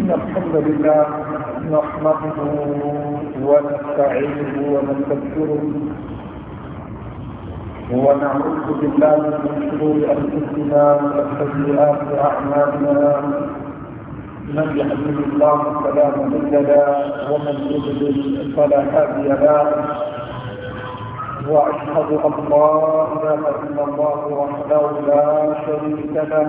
إن الحمد لله نحمده ونستعينه ونستغفره ونعوذ بالله من شرور أنفسنا وسيئات أعمالنا من يحمد الله فلا مضل له ومن يضلل فلا هادي له واشهد ان لا اله الا الله وحده لا شريك له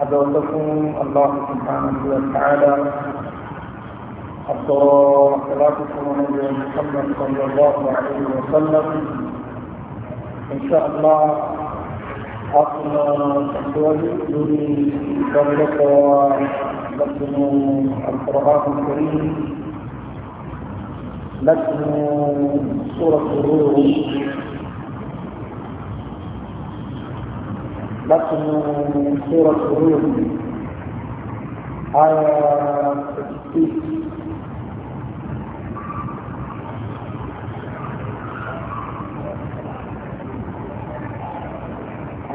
أدعوكم الله سبحانه وتعالى أفضل صلاتكم ونبي محمد صلى الله عليه وسلم إن شاء الله أصلا تحتوي لوري دولة القرآن الكريم لكم سورة الروح لكن من سورة الروم آية 66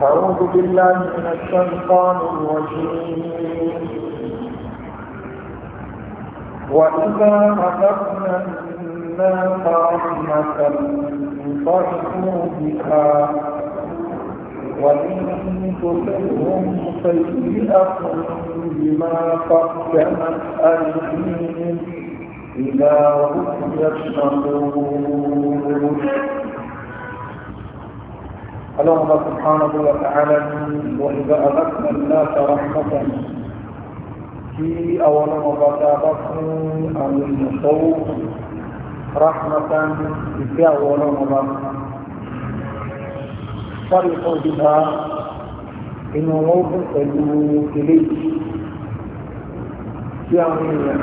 أعوذ بالله من الشيطان الرجيم وإذا أخذنا الناس رحمة فرحوا بها وإن تصبهم سيئة بما قدمت أيديهم إذا هم يشهدون اللهم سبحانه وتعالى وإذا أذكنا الناس رحمة في أول مضاتاتهم أن المصور رحمة في أول مضاتاتهم sọ́rí fún ìdíbà inú wọn ó fún pẹ̀lú ilé tí àwọn èèyàn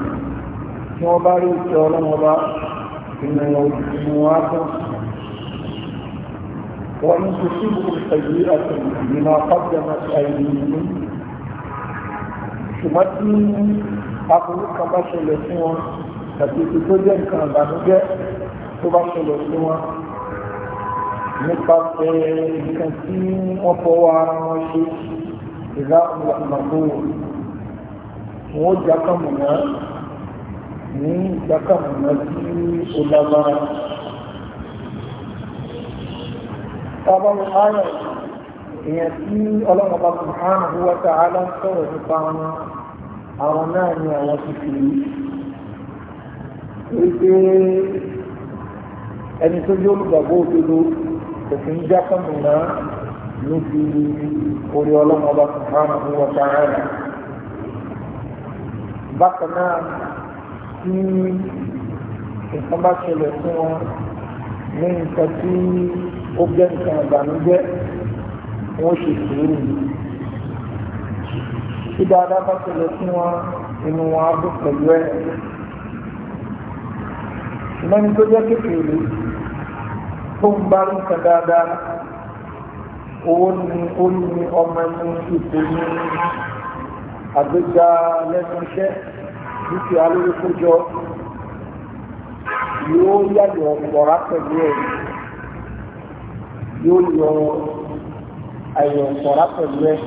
tí wọ́n bá rí ìṣẹ́ ọlọ́mọba inú wọn á fún wọ́n ń tó sí ìbùkún pẹ̀lú àtìmọ̀ ìgbìmọ̀ àpapọ̀ àìyíní ṣùgbọ́n tí aburú kan bá ṣẹlẹ̀ sí wọn tàbí ibi nǹkan àbànújẹ́ tó bá ṣẹlẹ̀ sí wọn nípasẹ̀ nǹkan tí wọ́n fọwọ́ ara wọn ṣe ìlà ọ̀làmọ̀gbò wọn ó jákàmùnà ní ìjákàmùnà tí ó lágbára. Tábàmù ayọ̀ èèyàn tí ọlọ́run bá subhanahu wa ta'ala ń sọ̀rọ̀ nípa wọn àwọn náà ni àwọn ti fi ẹni tó yóò gbàgbọ́ òdodo kò fi ń já fọ́nù náà níbi orí ọlọ́run ọba subhanahu wa ta'ala bákan náà tí nǹkan bá ṣẹlẹ̀ fún wọn ní nǹkan tí ó jẹ́ nǹkan ìbànújẹ́ wọ́n ṣe sùúrù tí dáadáa bá ṣẹlẹ̀ fún wọn inú wọn á dùn pẹ̀lú ẹ̀ ṣùgbọ́n ní tó jẹ́ kékeré tó ń bá rí kan dáadáa owó ni orí ni ọmọ ẹni ìpè ní àgbéga lẹ́nu iṣẹ́ dúkìá lórí kójọ yóò yàyọ̀ ọ̀rá pẹ̀lú ẹ̀ yóò yọ àyọ̀ ọ̀rá pẹ̀lú ẹ̀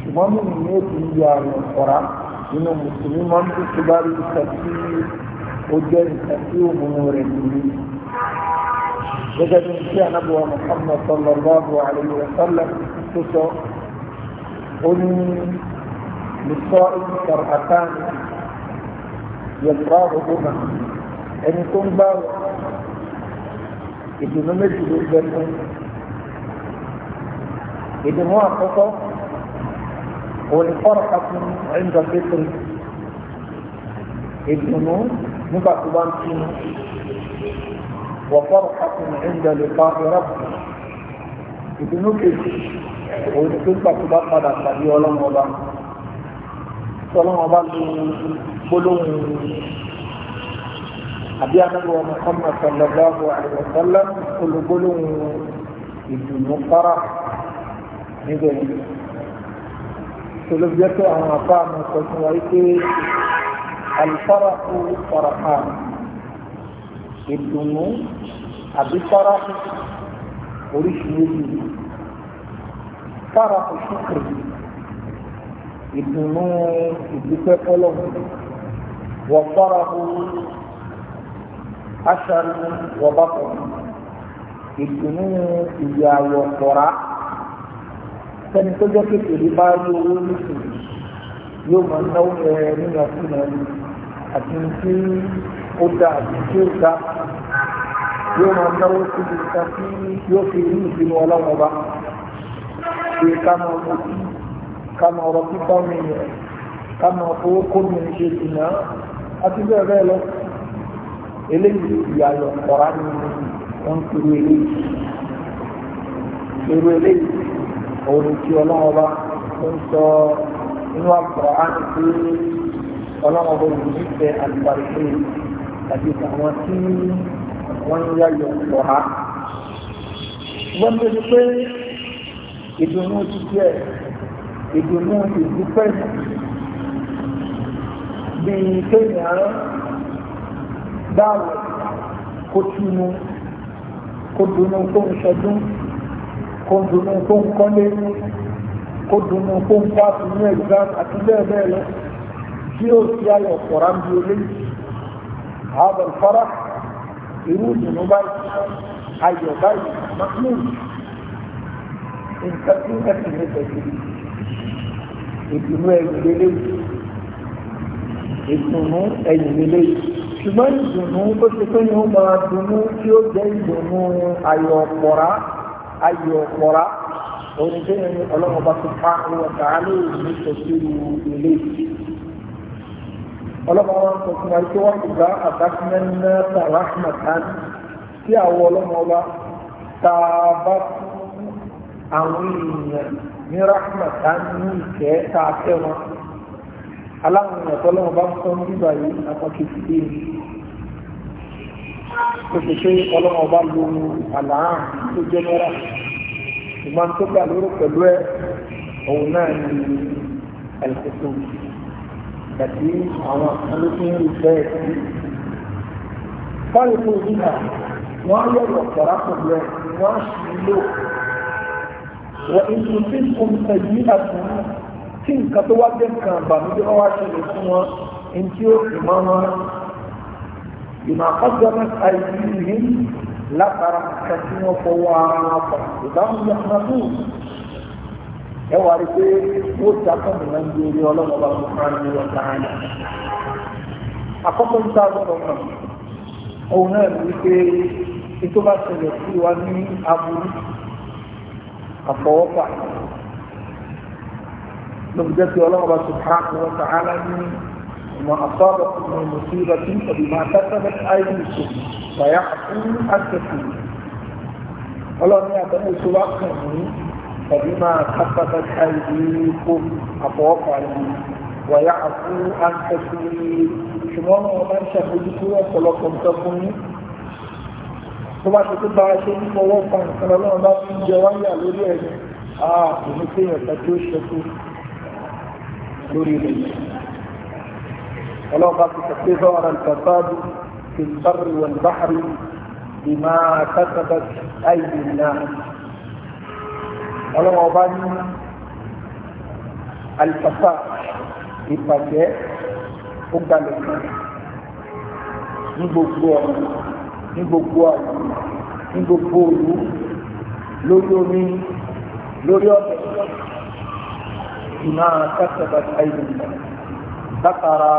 ṣùgbọ́n mi ní ètò ìyá àyọ̀ ọ̀rá nínú mùsùlùmí máa ń tó tó bá rí ìtàn ó jẹ́ ìtàn tí rẹ̀ nìyí. بدل ان كان ابو محمد صلى الله عليه وسلم تسع قل للصائم كرهتان بها ان تنبا اذا نمت بالجنه اذا موافقه والفرحة عند الفطر الجنون نبقى تبان وفرحة عند لقاء ربه ìdùnnú kejì òun tó gbà tó bá padà tàbí ọlọ́run ọba ọlọ́run ọba ló gbólóhùn àbí anáwó Muhammad sallallahu alaihi wa sallam olùgbólóhùn ìdùnnú fara níbẹ̀ yìí tolóbíẹ́ pé àwọn àbá mi sọ fún wa pé alifara kú fara hàn ìdùnnú àbí sára oríṣiríṣi sára òṣùkùn ìdùnnú ìdúpẹ́ fọlọ́ wọ́n sára aṣanu wọ́bàtọ̀ ìdùnnú ìyá àwọ̀kọ̀rá sẹ́ni tó jẹ́ kékeré bá rí owó nísìnyí yóò máa náwó rẹ̀ nínú ọkùnrin àti tí ó dáa àti tí ó dáa yóò máa náwó sí ìta tí yóò fi rí ìsinmi ọlọ́run ọba ṣe ká máa mú sí ká máa ọ̀rọ̀ pípa mi rẹ̀ ká máa fowó kó mi ṣe ìná àti bẹ́ẹ̀ bẹ́ẹ̀ lọ eléyìí ìyàyọ̀ ọ̀rá ni wọ́n ń pèrò eléyìí pèrò eléyìí òun ni ti ọlọ́run ọba ń sọ inú àkùrọ̀ á ti pé ọlọ́run ọba òun nífẹ̀ẹ́ àlùbáríkè àti àwọn tí wọ́n ń yáyọ̀ ọ̀há wọ́n tó ti pé ìdùnnú ti jẹ́ ìdùnnú ìdúpẹ́ bíi kéèyàn dáwọ̀ kó túnú kó dùnnú tó ń ṣẹdún kó dùnnú tó ń kọ́lé kó dùnnú tó ń bá fún ní ẹ̀gbá àti bẹ́ẹ̀ bẹ́ẹ̀ lọ tí ó ti ayọ̀ kọ̀ọ̀rá bí olóyìn. هذا irú ìdùnnú báyìí ayọ̀ báyìí mọ́tò nǹkan tí ẹ̀sìn ní pẹ̀lú ìdùnnú ẹ̀yìn lélẹ̀ ìdùnnú ẹ̀yìn lélẹ̀ ṣùgbọ́n ìdùnnú tó ṣe pé ní ó máa dunnú tí ó jẹ́ ìdùnnú ayọ̀ ọ̀pọ̀ra ayọ̀ ọ̀pọ̀ra òun tó yẹn ọlọ́run bá tó pa ọ̀tá lóòrùn ní pẹ̀lú ilé yìí ọlọ́mọba wọn sọ fún wa pé wọ́n ti gba àtàkùnmẹ́nà tàràhmàtán tí àwọn ọlọ́mọba tá a bá fún àwọn èèyàn ní rahmatan ní ìkẹ́ tá a fẹ́ wọn aláwọn èèyàn tó lọ́wọ́ bá ń sọ nígbà yìí àpapọ̀ ìdílé mi tó ṣe pé bá lo àlàáhàn tó jẹ́ mẹ́ra ìgbà tó gbà lóró pẹ̀lú ẹ̀ òun náà ni ẹ̀sìn tó ń bì tàbí àwọn olókùn ìfẹ́ sí. Fáyọ̀kọ̀ ìdíjà wọ́n yọ̀rọ̀ pọ̀rá pẹ̀lú ẹ̀ wọ́n sì lò. Wọ́n ìlú tí kò ń tẹ̀lé àtúnú tí nǹkan tó wá jẹ́ nǹkan àbàmújẹ́ wọ́n wá ṣẹlẹ̀ fún wọn ní tí ó ẹ wà rí pé wọ́n ti akọ́nù náà ń gbé ọlọ́run bá wọn fún mi wọn dáhùn. àkọ́kọ́ ń ta ọlọ́run náà òun náà ní pé ètò bá ṣẹlẹ̀ sí wa ní aburú àfọwọ́fà lóbi jẹ́ pé ọlọ́run bá subhanahu wa ta'ala ní ìmọ̀ àfọ́bọ̀ ìmọ̀ ìmọ̀síra tí ìtàbí máa tẹ́tẹ́lẹ̀ àìrí ìṣò bàyá fún àṣẹ̀kù ọlọ́run ní ìṣòwò àkànní فبما كسبت أيديكم أتوقع ويعفو عن كثير ṣùgbọ́n ọba ń ṣàfojú sí ọ̀pọ̀lọpọ̀ nǹkan fún yín tó bá ṣe tó bá ṣe ń fọwọ́ pa nǹkan ọlọ́run bá fi ń jẹ wáyà lórí ẹ̀yìn àà kò ní pé ẹ̀ka tí ó ṣẹ́kù lórí rẹ̀ ọlọ́run bá ti sọ̀tẹ́ sọ́ra ìtàbáàdù fi ń bá rí wọn bá rí ìmá kásábà àìdè náà ọlọ́wọ́ ọba ní alifasa ìpàdé ó gbalẹ̀ kan ní gbogbo ọ̀nà ní gbogbo ọ̀nà ní gbogbo òru lórí omi lórí ọ̀bẹ ìmọ̀ akásẹ̀bà àìsàn látara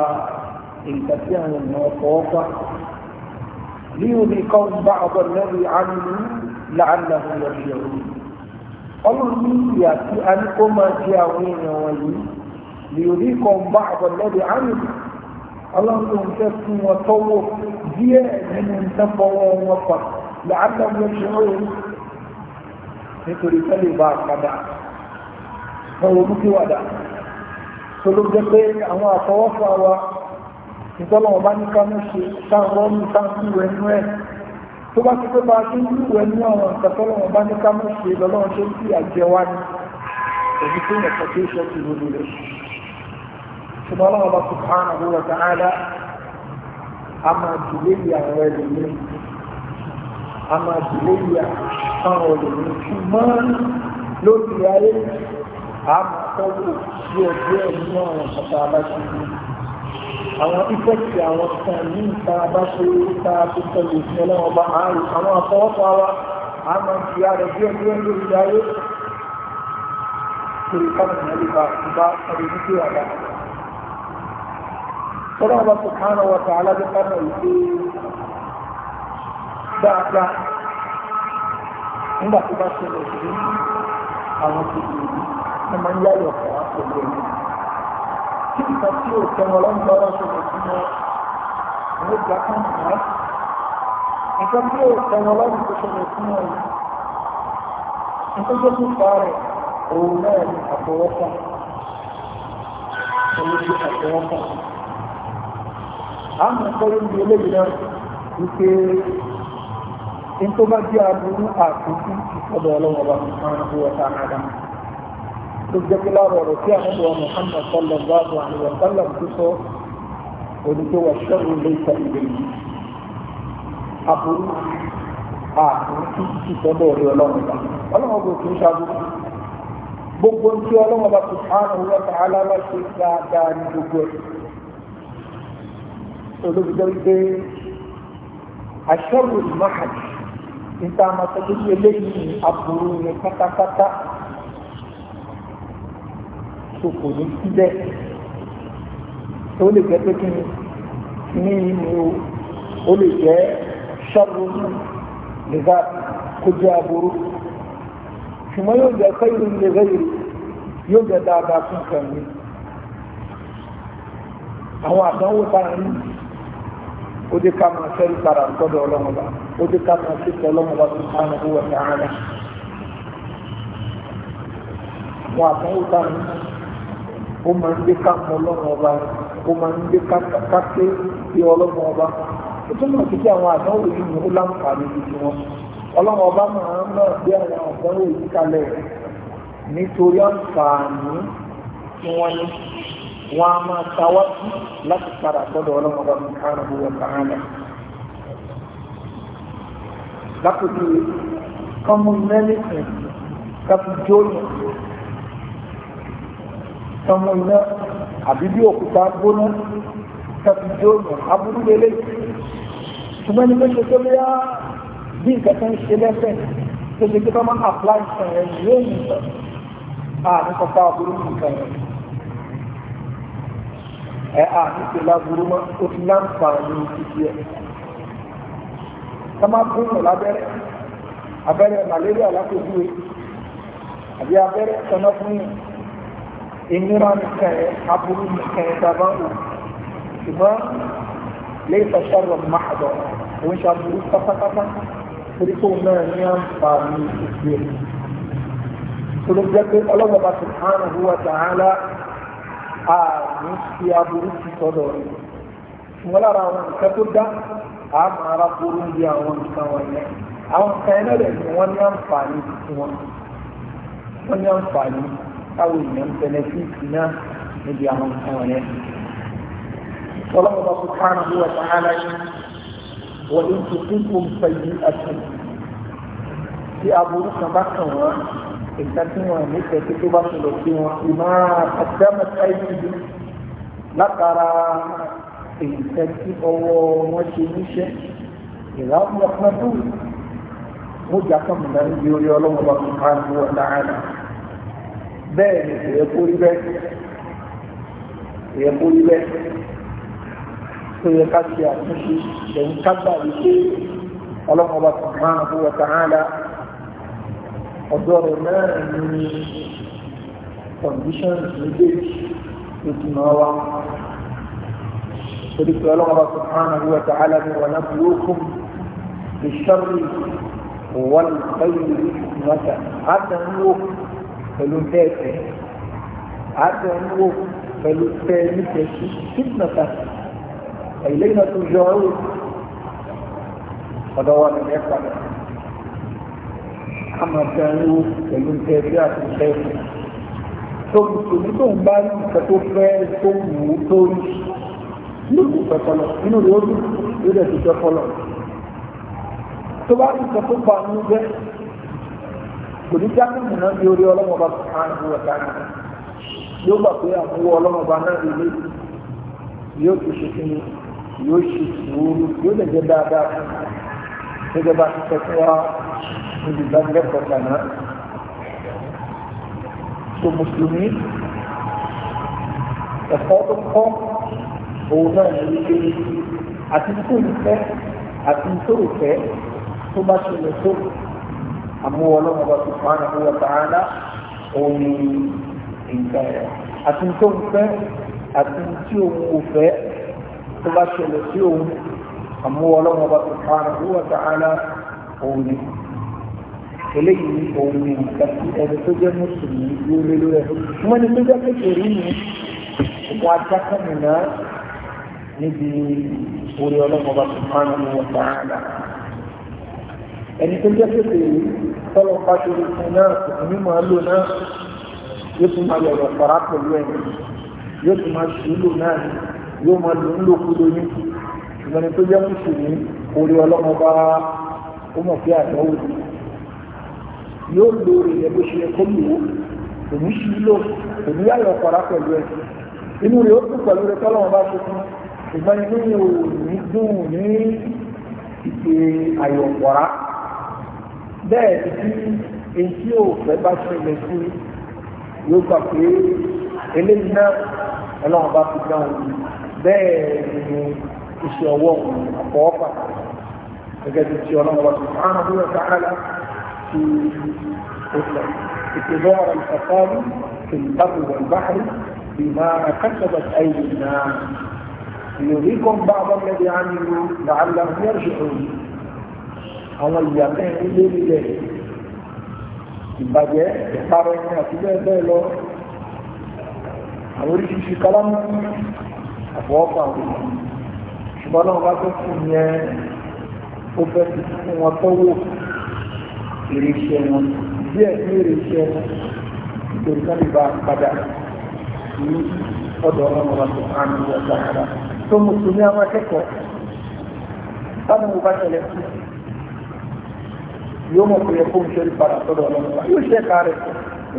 nǹkan àwọn ènìyàn ọkọ̀ ọgbà ní omi kan bá ọgbà lẹ́rìí àmì làálàá ọ̀rọ̀ ìyàwó ọlọ́run ní ìyà tí a ní kó máa jẹ àwọn èèyàn wọ̀nyí lè kan bá àbọ̀lẹ́dẹ̀ àmì ọlọ́run fẹ́ fún wọn tọ́wọ́ díẹ̀ nínú ìtẹ́fọwọ́ wọn pa làálẹ̀ ṣe ó rí nítorí tẹ́lẹ̀ bá padà wọn ronú wàdà tó ló jẹ́ pé àwọn àfọwọ́fà wa ìtọ́lọ́wọ́n bá ní ká ṣe sáwọn ọmọ tó bá ti pé bá ṣe ń lúwẹ̀ ní ọ̀rọ̀ ìtàtọ́lọ́wọ̀n bá ní ká mọ́ ṣe lọ́lọ́run ṣe ń fi àjẹ wá ní èyí tó yẹ kọ̀tí ṣe ti lórí rẹ̀ ṣùgbọ́n ọlọ́run bá subhanahu wa ta'ala a máa dìlé ìyà àwọn ẹlòmíì a máa dìlé ìyà àwọn ẹlòmíì ṣùgbọ́n lórí ayé a máa sí ọjọ́ ẹ̀ nínú ọ̀rọ̀ ìtàtọ́ àwọn ìfẹ́sì àwọn kan ní ìta bá ṣe ìta tó tẹ̀lé ìfẹ́ lẹ́wọ̀n bá àárò àwọn àfọwọ́fọ́ wa a máa ń fi ara díẹ̀ díẹ̀ lórí ayé torí káàkiri náà lè bá bá ọdún títí àdá. Tọ́lá ọba Subhanahu wa ta'ala bí tí nǹkan tí o tẹ́ wọn lọ́nà lọ́wọ́ ṣẹlẹ̀ sí wọn ló gbà kán mọ́ nǹkan tí ò tẹ́ wọn lọ́nà tó ṣẹlẹ̀ sí wọn yìí nǹkan tó tún fa rẹ̀ òun náà ni àfọwọ́fà olóṣù àfọwọ́fà a mọ̀ pé ó ń di eléyìí náà wípé ní tó bá jẹ́ aburú àtúntí ìfọ́dọ̀ ọlọ́wọ́ bá fi máa ń kó ọ̀tá náà dáná tó jẹ́ pé láwọn ọ̀rọ̀ tí àwọn ọmọ Muhammad sallallahu alaihi wa sallam tó sọ òní tó wà ṣẹ́rù lè ta ìbẹ̀ yìí aburú gbogbo tí ọlọ́run bá subhanahu wa ta'ala ṣe dáadáa ní gbogbo ẹ̀ olóògbé aṣọ́rù mahad níta eléyìí aburú ni pátápátá so kò ní síbẹ̀ ó lè jẹ́ pé kí ni ní ni o ó lè jẹ́ ṣọ́ọ̀bù lèvà kó jẹ́ aburú ṣùgbọ́n yóò jẹ́ kẹ́yìn lèvà yìí yóò jẹ́ dáadáa fún kẹ́mi àwọn àdánwò tá ó dé ká máa fẹ́ ìpara gbọ́dọ̀ ọlọ́mọba ó dé ká máa ṣe ọlọ́mọba tó ká owó ẹ̀ka ara wọn àdánwò tá ó máa ń gbé kápọ̀ ọba ó máa ń gbé kápẹ́ sí ọba ó tún mọ̀ sí kí àwọn àdánwò yìí ní ó títí wọn ọba máa ń náà gbé àwọn àdánwò yìí kalẹ̀ nítorí àǹfààní tí wọ́n ní wọ́n á máa tawá sí sọmọ iná àbí bí òkúta gbóná tàbí tí ó yàn aburú lélẹ̀ ṣùgbọ́n ní méjì tó lé bí nǹkan tó ń ṣe lẹ́sẹ̀ tó ṣe kí tọ́mọ́ apply sàn rẹ̀ yóò ní sọ àní kọta aburú nǹkan rẹ̀ ẹ àní tó láburú mọ́ ó fi láǹfààní títí ẹ̀ tọ́mọ́ gbóná lábẹ́rẹ́ abẹ́rẹ́ màlẹ́rì alákòókò àbí abẹ́rẹ́ tọ́nà fún yìí ìnira nìkan ẹ̀ aburú nìkan ẹ̀ tá a bá wù ṣùgbọ́n lẹ́yìn sọ́sọ́rọ̀ máàdọ̀ òun ṣe aburú pátápátá torí kó náà ní àǹfààní ìgbé tó ló jẹ́ pé ọlọ́run bá subhanahu wa ta'ala ààrùn sí aburú ti sọ́dọ̀ rẹ̀ ṣùgbọ́n lára àwọn nǹkan tó dá àmọ́ ara burú bí àwọn nǹkan wọ̀nyẹn àwọn nǹkan ẹ̀rẹ́ rẹ̀ ni wọ́n ní àǹfààní tuntun wọn wọ́n ní àǹfààní tuntun káwọn èèyàn ń bẹnẹfíìtì náà níbi àwọn nǹkan rẹ̀. ọlọ́mọba subhanahu wa ta'ala wọ́n ń tuntun kó ń fẹ́ yí àti tí aburú kan bá kàn wọ́n ìgbà tí wọ́n nífẹ̀ẹ́ tí tó bá sọ̀rọ̀ sí wọn ìmọ̀ àtẹ́mẹ́ta ìlú látara ìfẹ́ tí ọwọ́ wọn ṣe níṣẹ́ ìlànà ọ̀pọ̀ náà tó mú jà kan mọ̀lẹ́bí orí ọlọ́mọba subhanahu wa ta'ala bẹ́ẹ̀ ni kò yẹ kó rí bẹ́ẹ̀ kò yẹ kó rí bẹ́ẹ̀ tó yẹ ká ṣe àtúnṣe lẹ́yìn ká gbà wípé ọlọ́run ọba subhanahu wa ta'ala ọ̀dọ́ rẹ̀ náà ní conditions méjèèjì tó ti máa wá torí pé ọlọ́run ọba subhanahu wa ta'ala ní wa nabluukum bi sharri wal khayri mọ́tà á tẹ̀ ń wò kù pẹ̀lú tẹ́ẹ̀tẹ́ àtọ̀ ń wò pẹ̀lú tẹ́ẹ̀ nífẹ̀ẹ́ sí kíkìnàtà ẹ̀yìn náà tó yọ ọ́ ọ̀dọ̀ wa ni mẹ́fà a máa tẹ́ ń wò pẹ̀lú tẹ́ẹ̀tẹ́ àti tẹ́ẹ̀tẹ́ tó mùsùlùmí tó ń bá nǹkan tó fẹ́ tó wù ú tó rí nínú ìfẹ́kọlọ nínú ìwọ́dún yóò dẹ̀ ti fẹ́kọlọ tó bá nǹkan tó pa ní bẹ́ẹ̀ kò ní jákè nínú bí orí ọlọ́mọba kan ní ọ̀tá náà yóò gbà pé àmúwọ́ ọlọ́mọba náà lè lé yóò ti ṣe kí ni yóò ṣe sùúrù yóò lè jẹ dáadáa fún gẹ́gẹ́ bá ti sọ fún wa níbi ìdánilẹ́kọ̀ọ́ kàná. so mùsùlùmí ẹ̀kọ́ tó kọ́ òun náà ní wípé àti tó ń fẹ́ àti tó ń fẹ́ tó bá ṣẹlẹ̀ tó àmúwọ ọlọ́run ọba subhanahu wa ta'ala òun ni nǹkan ẹ̀ àti tó ń fẹ́ àti tí òun kò fẹ́ tó bá ṣẹlẹ̀ sí òun àmúwọ ọlọ́run ọba subhanahu wa ta'ala òun ni eléyìí òun ni nǹkan tí ẹni tó jẹ́ mùsùlùmí lórí lórí ẹ̀ wọ́n ní tó jẹ́ kékeré ni wọ́n á jákàmì níbi orí ọlọ́run ọba subhanahu wa ta'ala ẹni tó jẹ́ pé pé tọ́lọ̀ pàṣẹ ìsìn náà kò ní máa lò náà yóò tún máa yọ̀rọ̀ fara pẹ̀lú ẹni yóò tún máa ṣì lò náà yóò máa lò ń lò kú lóyún ṣùgbọ́n ẹni tó jẹ́ mùsùlùmí orí ọlọ́mọ bá ó mọ̀ pé àdánwò ni yóò lo ìyẹn bó ṣe kó lò ó òní ṣì lò òní yàyọ̀ fara pẹ̀lú ẹni inú rẹ̀ ó kún pẹ̀lú rẹ̀ tọ́lọ̀ bá ṣe fún ṣùgbọ́n inú rẹ̀ ò ní dùn ní ìpè àyọ̀pọ̀ra. bẹ́ẹ̀ tí èyí ò fẹ́ bá ṣẹlẹ̀ sí yóò gbà pé eléyìí náà ọlọ́run bá fi dáhùn bẹ́ẹ̀ ni iṣẹ́ ọwọ́ àpọ̀ọ́pà gẹ́gẹ́ bí ti ọlọ́run bá fi dáhùn bí wọ́n sàárà في اتباع الفساد في البر والبحر بما كسبت أيدي الناس ليريكم بعض الذي عملوا لعلهم يرجعون àwọn ìyá mẹ́rin lórí rẹ̀ ìbàjẹ́ ìparọ́ ẹni àti bẹ́ẹ̀ bẹ́ẹ̀ lọ àwọn oríṣiríṣi kálámù àfọwọ́fà òkú ṣùgbọ́n náà bá tó fún yẹn ó fẹ́ ti fún wọn tọ́wọ́ ìrìṣẹ́ wọn díẹ̀ ní ìrìṣẹ́ wọn nítorí náà lè bá padà ní ọ̀dọ̀ ọlọ́run wa tó hàn ní tó mùsùlùmí àwọn akẹ́kọ̀ọ́ táwọn ò bá tẹ̀lé fún un yóò mọ̀ pé ẹkọ́ ń ṣe rí padà sọ́dọ̀ ọlọ́pàá yóò ṣe ẹ̀ka rẹ̀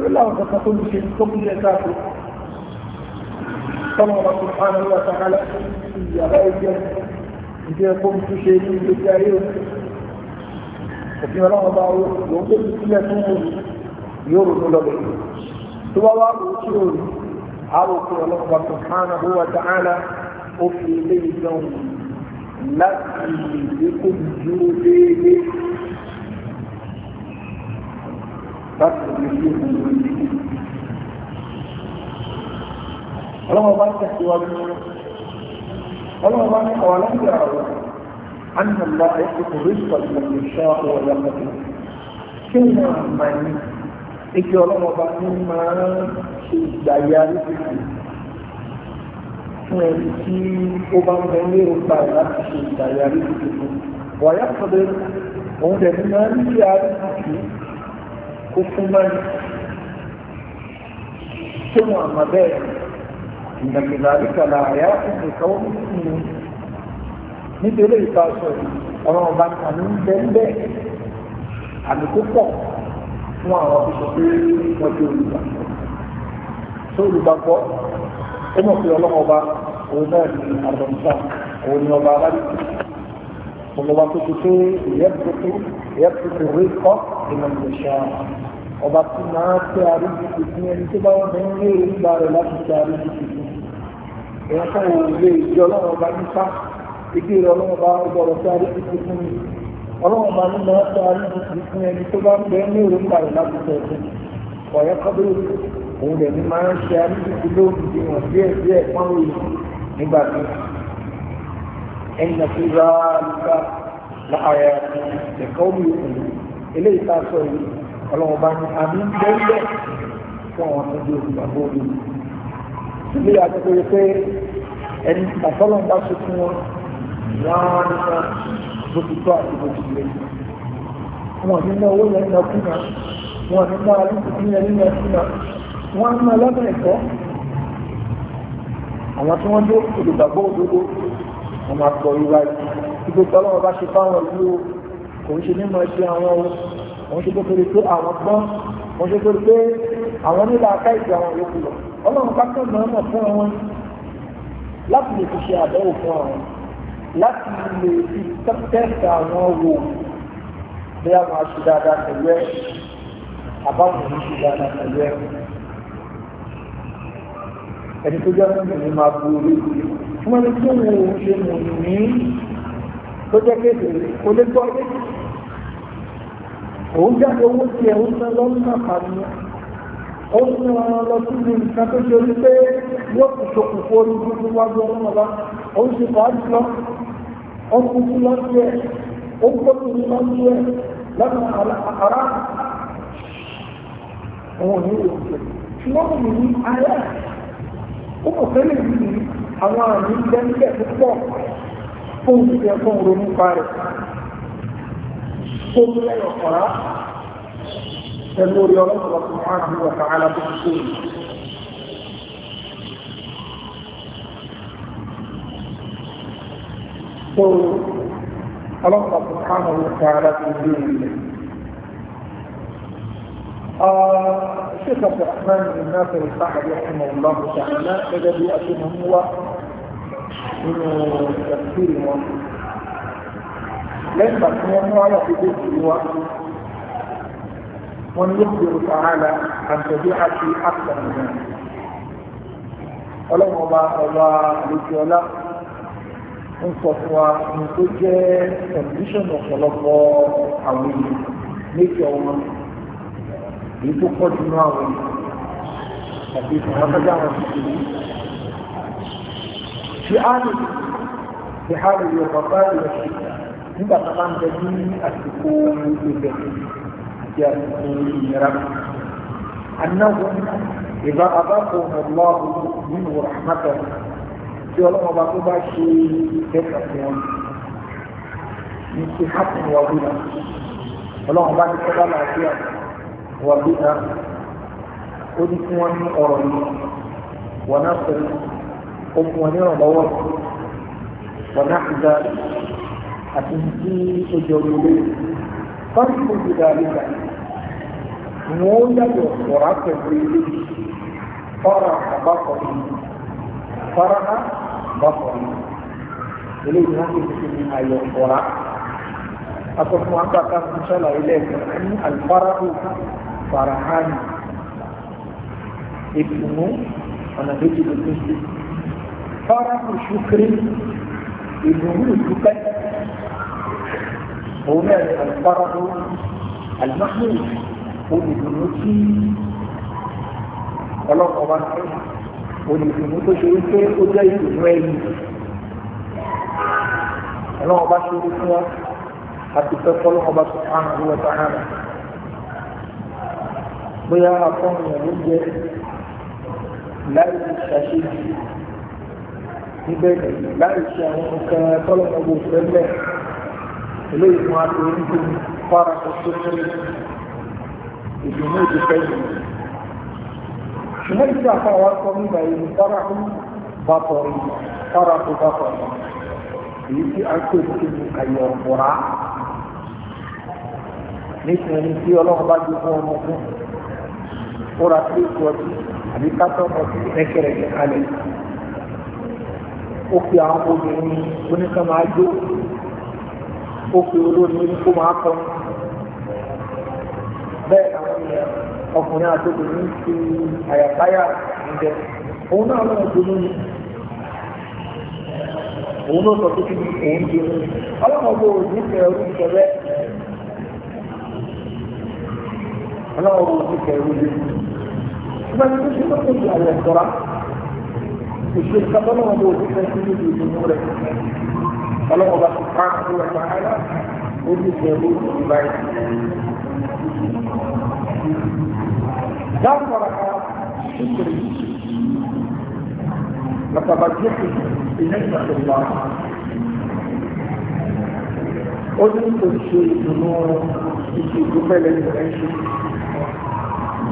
yóò láwọn kankan tó ń ṣe tó ń ṣe ẹ̀ka tó sọ́nà ọmọ tó máa ń lọ sàkálà ìyàrá ẹgbẹ́ ìdí ẹkọ́ ń tún ṣe ní ìgbésí ayé òfin ọlọ́run bá wọ́n lòún tó ti sílẹ̀ fún òun yóò ronú lọ́bẹ̀ tó bá wá òun tí ò rí àwọn òfin ọlọ́run bá tó máa ń lọ sàkálà ó fi ilé ìjọun láti ìgbékòjú déédéé ọlọ́mọba tẹ̀síwájú ọlọ́mọba ní ọ̀wà láti àwọ̀ annàlá ẹ̀kọ́ orísọ̀ ìlànà ọ̀wà láti kí ni àmà ní ike ọlọ́mọba ní máa ṣe ìgbàyà lókèké fún ẹni tí ó bá ń bẹ ní èròǹgbà láti ṣe ìgbàyà lókèké fún wàyà sọdẹ òun dẹ̀ ní máa ń ṣe àríkìkì kó fún mọ́ni tó mọ̀ àmọ́ bẹ́ẹ̀ ìdàgbìlà ìkàlà àyà ìdìkà ó ní ìlú nítorí ìtàṣọ ọ̀rọ̀ ọba àmì ń bẹ́ ń bẹ́ àmì tó pọ̀ fún àwọn ọ̀ṣọ́ pé wọ́n ti olùgbàgbọ́ tó olùgbàgbọ́ ó mọ̀ pé ọlọ́mọba òun náà ní àbọ̀nsá òun ni ọba aláàbò ọlọ́ba tó ti pé ìyẹ́pùtù ìyẹ́pùtù rí kọ́ ìmọ̀lẹ̀ ṣá ọba tó máa tẹ àríjìkì fún ẹni tó bá wọn ní èròǹgbà rẹ̀ láti tẹ àríjìkì fún èèyàn kan ò lè jẹ ọlọ́run ọba nípa ìdí rẹ̀ ọlọ́run ọba ọgbọ̀rọ̀ tẹ àríjìkì fún mi ọlọ́run ọba ní máa tẹ àríjìkì fún ẹni tó bá bẹ ní èròǹgbà rẹ̀ láti tẹ ẹ̀sìn ọ̀yẹ́ kọ́bírù òun lè ní máa ń ṣe àríjìkì lóògùn díẹ̀ díẹ̀ pọ́nrú nígbà tí إن في ذلك لآيات لقوم يؤمنون إليه تاسوي ولو بان آمين دولة فهو تجوز مقبول sílé àtúntò yìí pé ẹni àtọ́lọ̀ ń bá ṣe fún wọn láàá nípa bó ti tọ́ àti bó ti lé wọn nínú owó yẹn ń lọkùn náà wọn nínú alùpùpù yẹn ń lọkùn wọn ń lọ lọ́nà ẹ̀kọ́ àwọn tí wọ́n dó olùgbàgbọ́ òdodo wọ́n máa kọ ìwà ìgbé tọ́lọ́wọ́ bá ṣe fáwọn ìlú kò ń ṣe nínú ẹṣẹ́ àwọn ohun wọ́n ṣe pé pé àwọn gbọ́n wọ́n ṣe pé pé àwọn nílò aká ìgbé àwọn yòókù lọ ọlọ́run bá kàn náà fún àwọn láti lè fi ṣe àbẹ̀wò fún àwọn láti lè fi tẹ́tẹ́ àwọn wò bí àwọn aṣọ dáadáa pẹ̀lú ẹ̀ àbáwọn oníṣe dáadáa pẹ̀lú ẹ̀ ẹni tó jẹ́ mọ́ wọ́n ní tó wù ú ṣe mọ̀ ní tó jẹ́ kéde olégbọ́ ilé òun jáde owó tí ẹ̀ ń san lọ́nà pàdé ó ń san lọ sí ibi nǹkan tó ṣe orí pé yóò fi ṣokùnfò orí gbogbo wájú ọmọ ọba ó ń ṣe fàájì lọ ó ń kúkú lọ sí ó ń kó tóbi lọ sí lọ́nà àrà òun ò ní òun ṣe ṣùgbọ́n mi ní ayé ó mọ̀ fẹ́lẹ̀ yìí àwọn àmì ìgbẹ́ńgbẹ́ púpọ̀ fún ìṣẹ́ fún ronú parẹ̀ tó ń lẹ́yìn ọ̀pọ̀lá pẹ̀lú orí ọlọ́pàá tó máa ń wà tààlà tó ń tó So, Allah subhanahu wa ta'ala to do with الشيخ عبد الرحمن بن ناصر الصحابي رحمه الله تعالى بدأ بأسهم هو nínú ẹ̀kúrì wọn lẹ́yìn ìgbà tí wọ́n mú ayọ̀ tó dé jù wá wọ́n ní yóò gbèrò sàhálà àtẹ̀bí àti àtẹ̀bí ọlọ́run ọba ọba àlejò ọlá ń sọ fún wa ní tó jẹ́ condition ọ̀pọ̀lọpọ̀ àwọn èèyàn méjì ọ̀wọ́n èyí tó pọ̀ jù náà àwọn èèyàn àti ìfọ̀rọ̀kọ́jà wọn ti ṣìhánì ṣìhánì yóò bàbá rẹ̀ ṣì nígbà tó máa ń bẹ ní àsìkò ìbẹ̀ àti àsìkò ìnira. أنهم إذا أذاقهم الله منه رحمته tí ọlọ́mọ bá tó bá ṣe kẹta fún wọn ní ti hapun wà bí na ọlọ́mọ bá làásìá wà bí ó ní fún wọn ní ọ̀rọ̀ yìí wọn náà pẹ̀lú okùn wọn nírànlọ́wọ́ ọ̀nà àkùdá àti tí ó jẹ olóore fáńtì tó ti dáa nígbà wọn ó yàgò ọ̀rá pẹ̀lú ilé fara àbákọ̀ yìí fara àbákọ̀ yìí ilé ìwọ̀n ti fi ní ayọ̀ ọ̀rá akọ̀fún agbáta fún sọ́làyé lẹ́ẹ̀kan ní àlùfárá tó fara hàn ìdùnnú ọ̀nà méjì ló tún sí fara ṣùkúrí ìdùnnú ìdúpẹ́ òun náà lè fara ló àlùmáàmù olùdùnnú tí ọlọ́pàá bá fẹ́ olùdùnnú tó ṣe wípé ó jẹ́ ìdùnnú ẹ̀yìn ọlọ́wọ́ bá ṣe orí fún wọn àti pẹ́pọ́ lọ́wọ́ bá tún hàn ní wọ́n hàn. bóyá akọ́rin ẹ̀ ló jẹ́ láì ṣàṣeyìí níbẹ̀ láì ṣe àwọn nǹkan tọ́lọ́mọgbò fẹ́lẹ̀ eléyìí fún àti onígbò fara tuntun ní ìdùnnú ìdúpẹ́ yìí ṣùgbọ́n ìṣe àfáwà sọ nígbà yìí fara tó bá tọrọ fara tó bá tọrọ èyí tí a ń pè ní kíni ọ̀pọ̀ra nítorí ẹni tí ọlọ́run bá gbé fún ọmọ fún ó ra sí àbí ká tọ́ ọmọ sí kalẹ̀ yìí ó fi àwọn obìnrin oníkan máa jó ó fi olórin oníkó máa kọ bẹ́ẹ̀ àwọn ọkùnrin àti obìnrin ti àyàkáyà ń jẹ òun náà lọ́nà tó lóyún òun ló sọ pé kí ni òun di omi ọlọ́mọgbò nífẹ̀ẹ́ orí ìṣẹ̀lẹ̀ ọlọ́mọgbò nífẹ̀ẹ́ orí ìṣẹ̀lẹ̀ ìgbà tí ó ṣe tó tó di àyẹ̀ sọ́ra ìṣe ìsọdọ́nà ọmọ òṣìṣẹ́ sí níbi ìdùnnú rẹ̀ ọlọ́mọba ti pa àwọn ọmọ ara ó ní ìṣẹ̀lú ìgbà yìí. dáfọ̀rọ̀ ká ṣùkúrì lọ́pàá jẹ́kì ilé ìgbàlódé ó ní kò ṣe ìdùnnú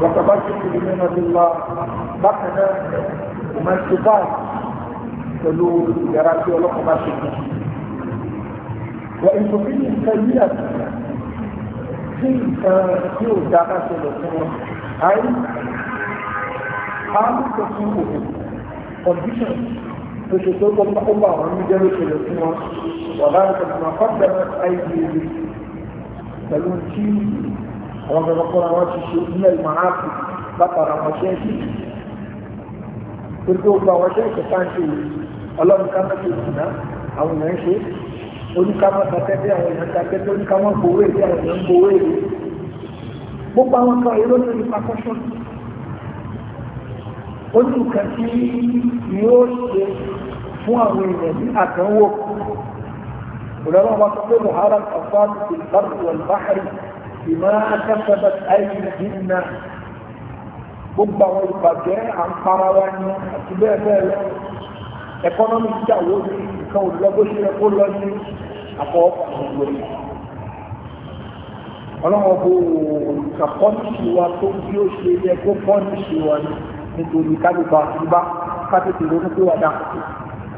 وتبرك بنعمة الله بقنا وما استطاع pẹ̀lú ìyára tí ọlọ́pàá bá ṣe kù. Wọ́n ìtòkí ní ìtẹ̀lé àtìgbà tí nǹkan tí ò dá bá ṣẹlẹ̀ fún wọn. Àyè àmúkọ̀ sí òkè condition tó ṣe tó kọ́ ó bá wọn ní jẹ́rọ ṣẹlẹ̀ fún wọn. Wàhálà ìtọ́jú máa fọ́ọ̀dà náà àìyé pẹ̀lú tí àwọn ọ̀dọ́ kọ́ra wọn ti ṣe ilé ìmọ̀ràn látara àwọn ṣẹ́ẹ̀sì torí pé gbogbo àwọn ṣẹ́ẹ̀sì tá ń ṣe ọlọ́run ká mẹ́ta ìsìnà àwọn èèyàn ṣe oníkámọ́ sàtẹ́tẹ́ àwọn èèyàn sàtẹ́tẹ́ oníkámọ́ gbowó èdè àwọn èèyàn gbowó èdè gbogbo àwọn kan èrò ní nípa kọ́ṣọ́ ó yóò ṣe fún àwọn èèyàn ní àdánwò òlọ́wọ́ sọ pé muhammad afghan ti bá bima kasabat aydina gbogbo àwọn ìbàjẹ́ àǹfààrà wa ni àti bẹ́ẹ̀ bẹ́ẹ̀ lọ ẹkọ́nọ́mì ti dàwó ní nǹkan òdìlọ́gbóṣe ẹ̀kọ́ lọ ní àfọwọ́pọ̀ ọlọ́wọ́ bó òǹkà pọ́nìṣì wa tó bí ó ṣe yẹ kó pọ́nìṣì wa ni nítorí kájọba àtúbá kájọba ìrònú pé wà dá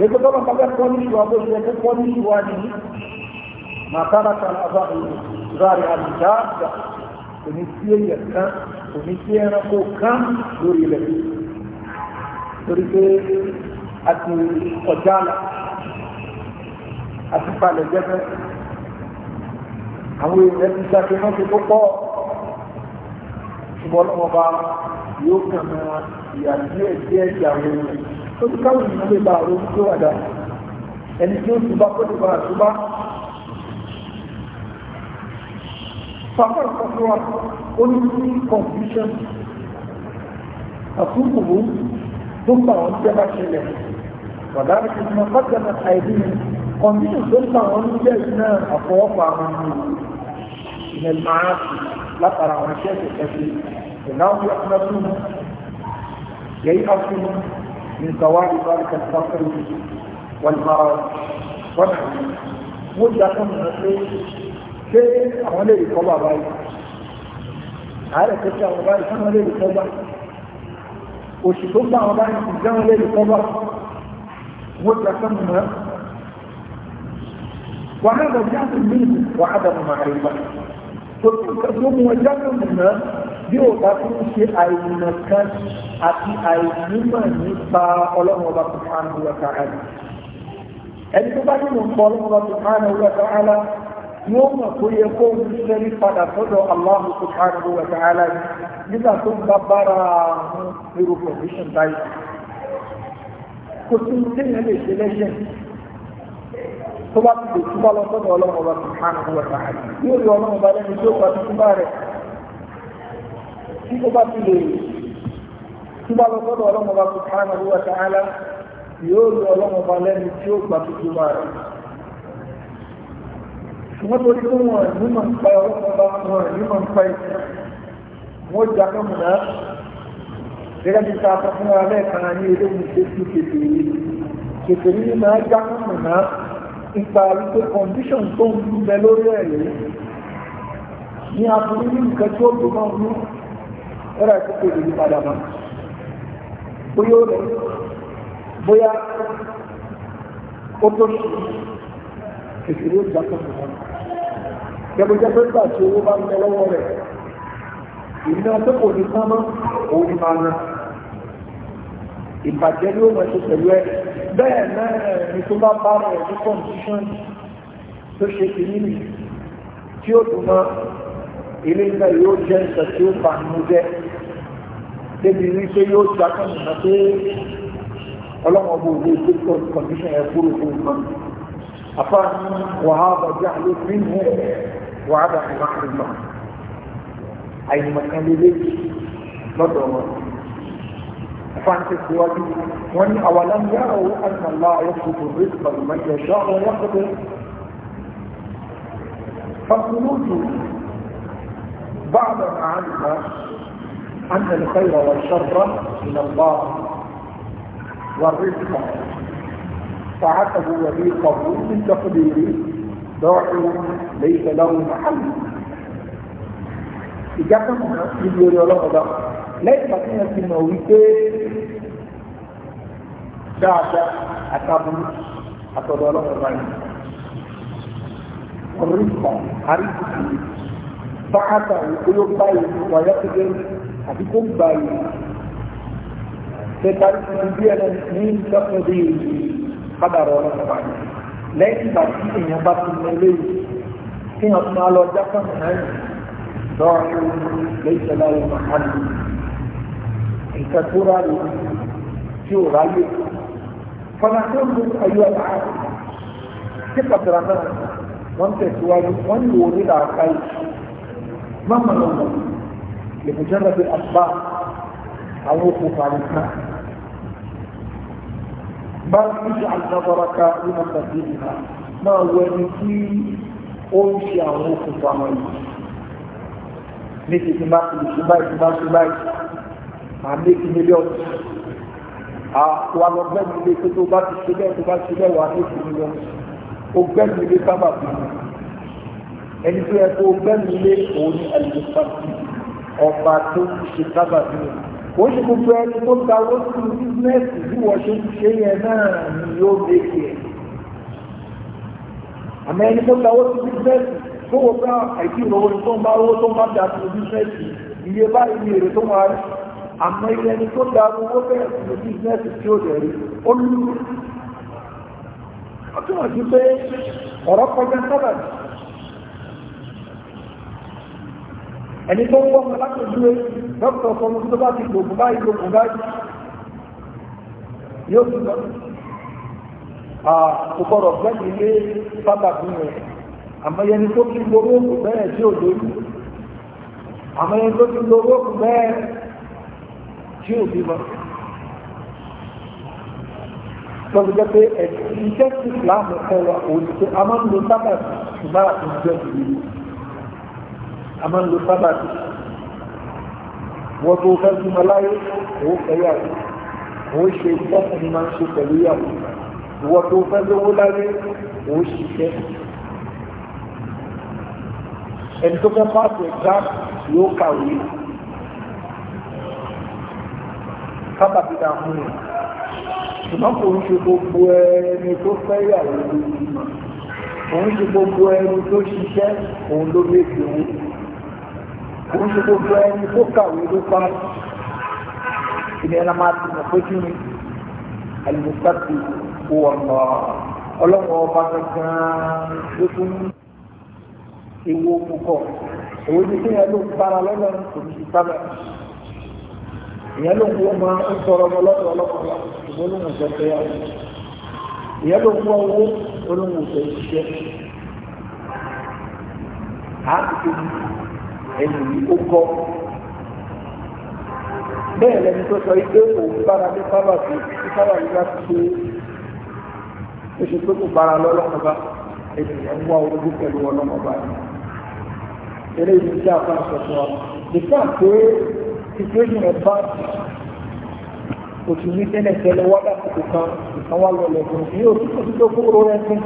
ètò tọ́lọ́ bá fẹ́ wa bó ṣe yẹ kó pọ́nìṣì wa ni màtára kan zari àlùdáàbà kò ní sí èèyàn kan kò ní sí ẹranko kan lórí ilẹ̀ torí pé a ti kọjá àlà a ti palẹ̀ jẹ́fẹ́ àwọn èèyàn ti jáde náà ti púpọ̀ ṣùgbọ́n wọn bá yóò kàn máa ìyà díẹ̀ díẹ̀ di àwọn èèyàn tó ti káwọn èèyàn lè bá àrùn tó wà dáa ẹni tí ó ti bá kó ti bá àtúbá suffer from your only confusion أصوبه ثم عندما شلح وذلك ما قدمت أيديهم قمتم ثم عندما إذنان أطوافع من المعاصي لا ترى مشاكل كثير إنهم يقنطون ييأسون من زوال ذلك الفقر والمرض والحزن مدة من ṣé àwọn lè kọ́ bàbá yìí ààrẹ tó ṣe àwọn báyìí sáwọn lè kọ́ bá òṣì tó gbà àwọn báyìí sì jẹun lè kọ́ bá wọ́n ti ẹ̀sán mọ́ wà á lọ jáde mímu wà á dànù màá rí bá tó tó kẹsàn ó mú wọn jáde mọ́ bí ó bá tún ṣe àìmọ̀ kan àti àìmọ̀ nípa ọlọ́run ọba tó máa ń wọ ẹni tó bá nínú nǹkan ọlọ́run ọba tó máa ń wọ yóò mọ̀ kó yẹ kó ń sẹ́rí padà sọ́dọ̀ Allahu subhanahu wa ta'ala nígbà tó ń bá bára àwọn èrò condition báyìí kò sí téèyàn lè ṣe lẹ́yìn tó bá ti lè túbọ̀ lọ sọ́dọ̀ ọlọ́run ọba subhanahu wa ta'ala yóò rí ọlọ́run ọba lẹ́nu tó bá ti túbọ̀ rẹ̀ tí ó bá ti lè túbọ̀ lọ sọ́dọ̀ ọlọ́run ọba subhanahu wa ta'ala yóò rí ọlọ́run ọba lẹ́nu tí ó gbà túbọ̀ rẹ̀ wọ́n torí pé wọ́n ní mọ̀ ń pa ọlọ́pàá wọn ní mọ̀ ń pa ìsìn wọ́n jà kán mọ̀nà gẹ́gẹ́ bí ta fún wa lẹ́ẹ̀kan ní ilé mi ṣe sí kékeré kékeré ní máa jà kán mọ̀nà ipa wípé condition tó ń bẹ lórí ẹ̀ lé ní aburú ní nǹkan tí ó tó máa ń mú ẹ̀rọ ìkókò ìdílé padà mọ́ bóyá ó rẹ̀ bóyá ó tó ṣe kékeré ó jà kán mọ̀nà jẹ́bọ́jẹ́ pé gbà tí owó bá ń bẹ lọ́wọ́ rẹ̀ ìná tó kò ní sánmọ́ òun ni máa ná ìbàjẹ́ ni ó mọ̀ ṣe pẹ̀lú ẹ bẹ́ẹ̀ náà ni tó bá bá rẹ̀ ní kọ̀ǹtíṣọ́n tó ṣe ti nílì tí ó dùn mọ́ ilé iná yóò jẹ́ nǹkan tí ó fà mú jẹ́ débi wípé yóò já kànìyàn pé ọlọ́wọ́n bò lè gbé kọ̀ǹtíṣọ́n ẹ̀ kúrò fún un kan àfáà ní wàhálà jáde nínú ẹ̀ وعدا في بحر النهر أي مكان ليك مدعو فأنت سواتي وأن أولم يروا أن الله يسجد الرزق لمن يشاء ويقدر فالخلود بعد ما علم أن الخير والشر من الله والرزق فعتبوا وليقه من تقديري ضاعوا ليس لهم محل ìjákàn níbi orí ọlọ́pàá lẹ́yìn ìgbà tí wọ́n ti mọ̀ wípé dáadáa àtàbùrú àtọ̀dọ̀ ọlọ́pàá yìí ọ̀rìnkà àríkùkù bákàtà ìpolówó báyìí wáyé kúndé àti kó báyìí tẹ́tàrí tuntun bí ẹni ní ìjọba bíi kádàrọ̀ ọlọ́pàá yìí lẹ́yìn ìgbà tí èèyàn bá ti mọ eléyìí kí wọ́n tún máa lọ jákàn náírà lọ́rùn lẹ́yìn ìṣẹ̀lẹ̀ ayé màálù ìtẹ̀kúrà rẹ̀ tí ò ráyè fọlá tó ń lo ayé ọ̀la tí pàtàkì náà wọ́n tẹ̀síwájú wọ́n lò ní làákà yìí má mọ̀ lọ́wọ́ lè kò jẹ́ lọ́bẹ̀ àgbà àwọn òkú fàlùkà bá níbi àgbàbọ̀rọ̀ká nínú tàbí ìhà máa wọ ẹni tí ó ń ṣe àwọn òkùnkùn àwọn yìí ní ti ti máa fi ṣe báyìí ti máa ṣe báyìí máa ní ti mílíọ̀nù àwọn alọ́gbẹ́ni ilé tó tó bá ti ṣe bẹ́ẹ̀ tó bá ṣe bẹ́ẹ̀ wà ní ti mílíọ̀nù ó gbẹ́ni ilé sábà bí ẹni tó yẹ kó gbẹ́ni ilé òun ní ọba tó ṣe sábà bí ẹni ó ṣe gbogbo ẹni tó ta owó sí bísínẹ́sì bí wọ́n ṣe ń ṣe yẹn náà ni yóò méjì ẹ̀ àmọ́ ẹni tó ta owó sí bísínẹ́sì tó wọ́n bá àìsí ìrọ̀wọ́ ni tó ń bá owó tó ń bá dà sí bísínẹ́sì iye báyìí ni èrè tó máa rí àmọ́ ẹni tó da owó bẹ̀rẹ̀ sí bísínẹ́sì tí ó dẹ̀ rí ó ọtún ọ̀sí pé ọ̀rọ̀ kọjá sábàbí ẹni tó ń fọ́mọ látòjúwe dókítà fọmọ tó bá ti gbòògùn báyìí gbòògùn báyìí yóò tún lọ àkókòrò gbẹ́ni ilé sábàbí rẹ̀ àmọ́yẹni tó ti gbowó kù bẹ́ẹ̀ tí ò lórí àmọ́yẹni tó ti gbowó kù bẹ́ẹ̀ tí ò bímọ. lọ́dún jẹ́ pé ẹ̀sìn iṣẹ́ sí ìlànà ẹ̀wà òun a máa ń lo sábàbí ṣùgbọ́n àti ìjọ ìlú a máa ń lo sábàbí wọ́n tó fẹ́ fún ọ láyé òun fẹ́yàwó òun ṣe ìtọ́kùnrin máa ń ṣe pẹ̀lú ìyàwó wọ́n tó fẹ́ lówó láyé òun ṣiṣẹ́ ẹni tó fẹ́ pàṣẹ ìgbà yóò kàwé sábàbí dáa fún mi ṣùgbọ́n kò ń ṣe gbogbo ẹni tó fẹ́ ìyàwó lórí ìmọ̀ kò ṣe gbogbo ẹni tó ṣiṣẹ́ òun ló méje owó kò ń ṣe gbogbo ẹni tó kàwé ló pa ìnira máa ti mọ̀ pé kí ni àlùmọ́sáàtì kò wà lọ ọlọ́run ọba gangan ló tún ní ewu ogun kọ òwe ní kéèyàn ló ń bára lọ́lọ́run kò ní í sábà ìyẹn ló ń wọ́n máa ń sọ̀rọ̀ ọmọ lọ́dọ̀ ọlọ́kọ̀ọ́lá ìwọ́n ló ń wọ̀ fẹ́ yà ìyẹn ló ń wọ́n owó olóhùn òfẹ́ ṣiṣẹ́ àti kejì ẹni yìí ó kọ́ bẹ́ẹ̀ lẹni tó sọ pé òun bára ní sábà tó tí sábà yìí bá ti ṣe ó ṣe tó kò bára lọ́lọ́mọba ènìyàn ń wá orogún pẹ̀lú ọlọ́mọba yìí eré ìlú tí a fa sọ fún wa nípa pé situation ẹ̀ bá kò tún ní tẹ́lẹ̀ tẹ́lẹ̀ wá lásìkò kan ìkan wá lọ́lẹ̀ fún ní òtútù tó kúrò rẹ̀ fún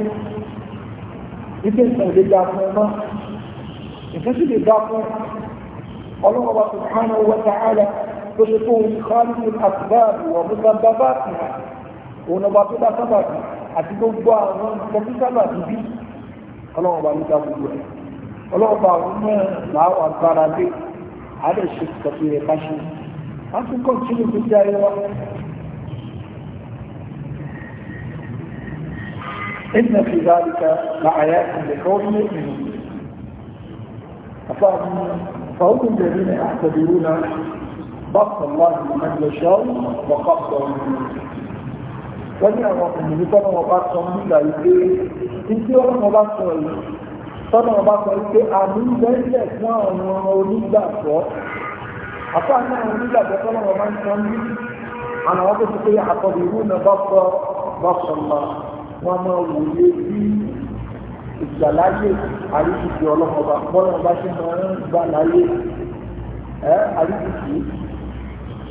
ní tẹ̀sán ìdíjà fún un náà nǹkan sì lè dá fún ọlọ́wọ́ wa subhanahu wa ta'ala tó ṣe tó ń kálù àtìbáàbù wà mú sábà bá ti hà òun ọba tó dá sábà bí àti gbogbo àwọn nǹkan tó sábà bí ọlọ́wọ́ إن في ذلك لآيات لقوم يؤمنون فهم الذين يعتبرون بطل الله لمن يشاء وقبضه wọ́n ní àwọn ọmọdé tọ́nà ọba sọ nígbà wípé títí ọ̀nà ọba sọ yìí tọ́nà ọba sọ wípé àmì ń bẹ́ẹ̀ fún àwọn onígbàgbọ́ àpá náà onígbàgbọ́ tọ́nà ọba sọ ní àwọn ọmọdé tó pé àkọlù ìlú náà bá sọ bá sọ ma wọ́n máa wòye bí ìgbàláyè àríṣìṣì ọlọ́mọba bọ́lá bá ṣe máa ń gbà láyé ẹ́ àríṣìṣì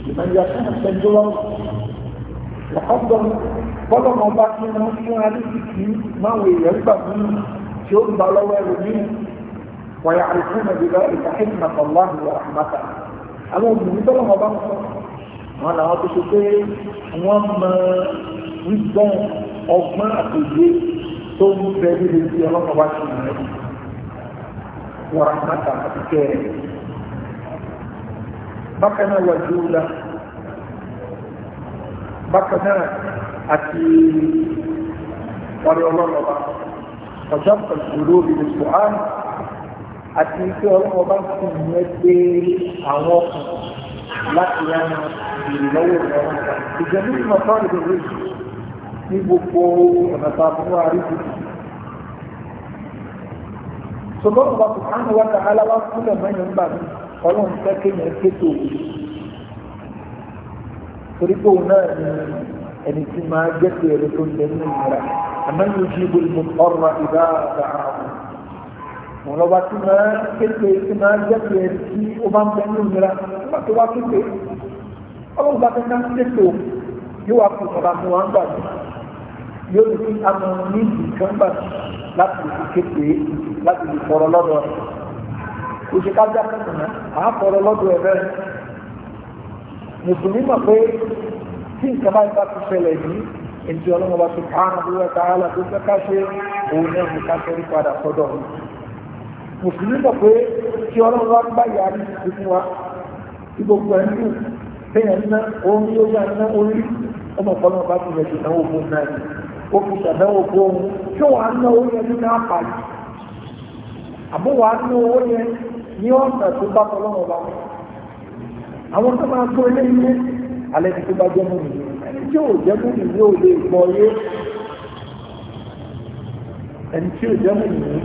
ìmọ̀lẹ́ àtúnṣe ṣẹjọ́ lọ́kọ́dọ̀ bọ́lá ọmọba tí wọ́n fún àríṣìṣì máwọn èèyàn gbà fún tí ó ń bá lọ́wọ́ ẹ̀rọ ní wọ̀nyà àríṣìṣì nàìjíríà ìgbà ẹ̀dùnà ọ̀làhùn wà àmàtà àwọn obìnrin bọ́lá ọmọba ń sọ wọn làwọn tó ṣe pé wọ́n mọ wisdom ọgbọ́n àtòjé tó ń bẹ níbi tí ọlọ́mọba ṣe nìyẹn ورحمته كيره بكنا وجوده بكنا أتي وري الله وجبت القلوب بالسؤال àti pé ọlọ́wọ́ bá fi ìyẹn gbé àwọn ọkùn láti wá ní ìlọ́wọ́ ìlọ́wọ́ ìjọba ìjọba ìmọ̀tọ́ ìdòwò ní gbogbo ọ̀nà tá a fún wa rí tuntun ṣùgbọ́n ọba sùhánù wa ta aláwa fúnlẹ̀ mẹ́yìn gbà mí ọlọ́run fẹ́ kéèyàn kéto òwò torí pé òun náà ni ẹni tí máa jẹ́ pé ẹ̀rọ tó ń bẹ nínú ìnira àmọ́ yóò jí gbogbo ọ̀rọ̀ ìdá àgbà àwọn wọn lọ́ba tí máa kéto tí máa jẹ́ pé ẹni tí ó máa ń bẹ nínú ìnira nígbà tó wá kéto ọlọ́run bá tẹ́ká kéto yóò wá kó ọba fún wa ń gbà mí yóò ní àmọ́ ní ìdí kan gbà láti láti lè fọ̀rọ̀ lọ́dọ̀ rẹ̀ kò ṣe ká jákè tìǹà à á fọ̀rọ̀ lọ́dọ̀ ẹ̀ bẹ́ẹ̀ mùsùlùmí mọ̀ pé tí nǹkan bá bá ti ṣẹlẹ̀ yìí ètò ọlọ́run ọba subhanahu wa ta'ala tó fẹ́ ká ṣe òun náà ní ká ṣẹ́rí padà sọ́dọ̀ mùsùlùmí mọ̀ pé tí ọlọ́run wá gbá yàrá ìfún wa tí gbogbo ẹ̀ ń dùn bẹ́ẹ̀ ná orí ó yá ná orí ọmọ ọ̀pọ̀lọpọ̀ bá ti rẹ̀ ṣèdánwò fún náà ó fi ṣàdánwò fún òun tí wọ́n ná orí ẹni náà àbúwà ní owó yẹn ní ọ̀sẹ̀ tó bá tọ́ lọ́wọ́ bá àwọn tó máa tó ilé ilé alẹ́ ti tó bá jẹ́ mú mi ẹni tí ò jẹ́ mú mi yóò lè gbọ́ yé ẹni tí ò jẹ́ mú mi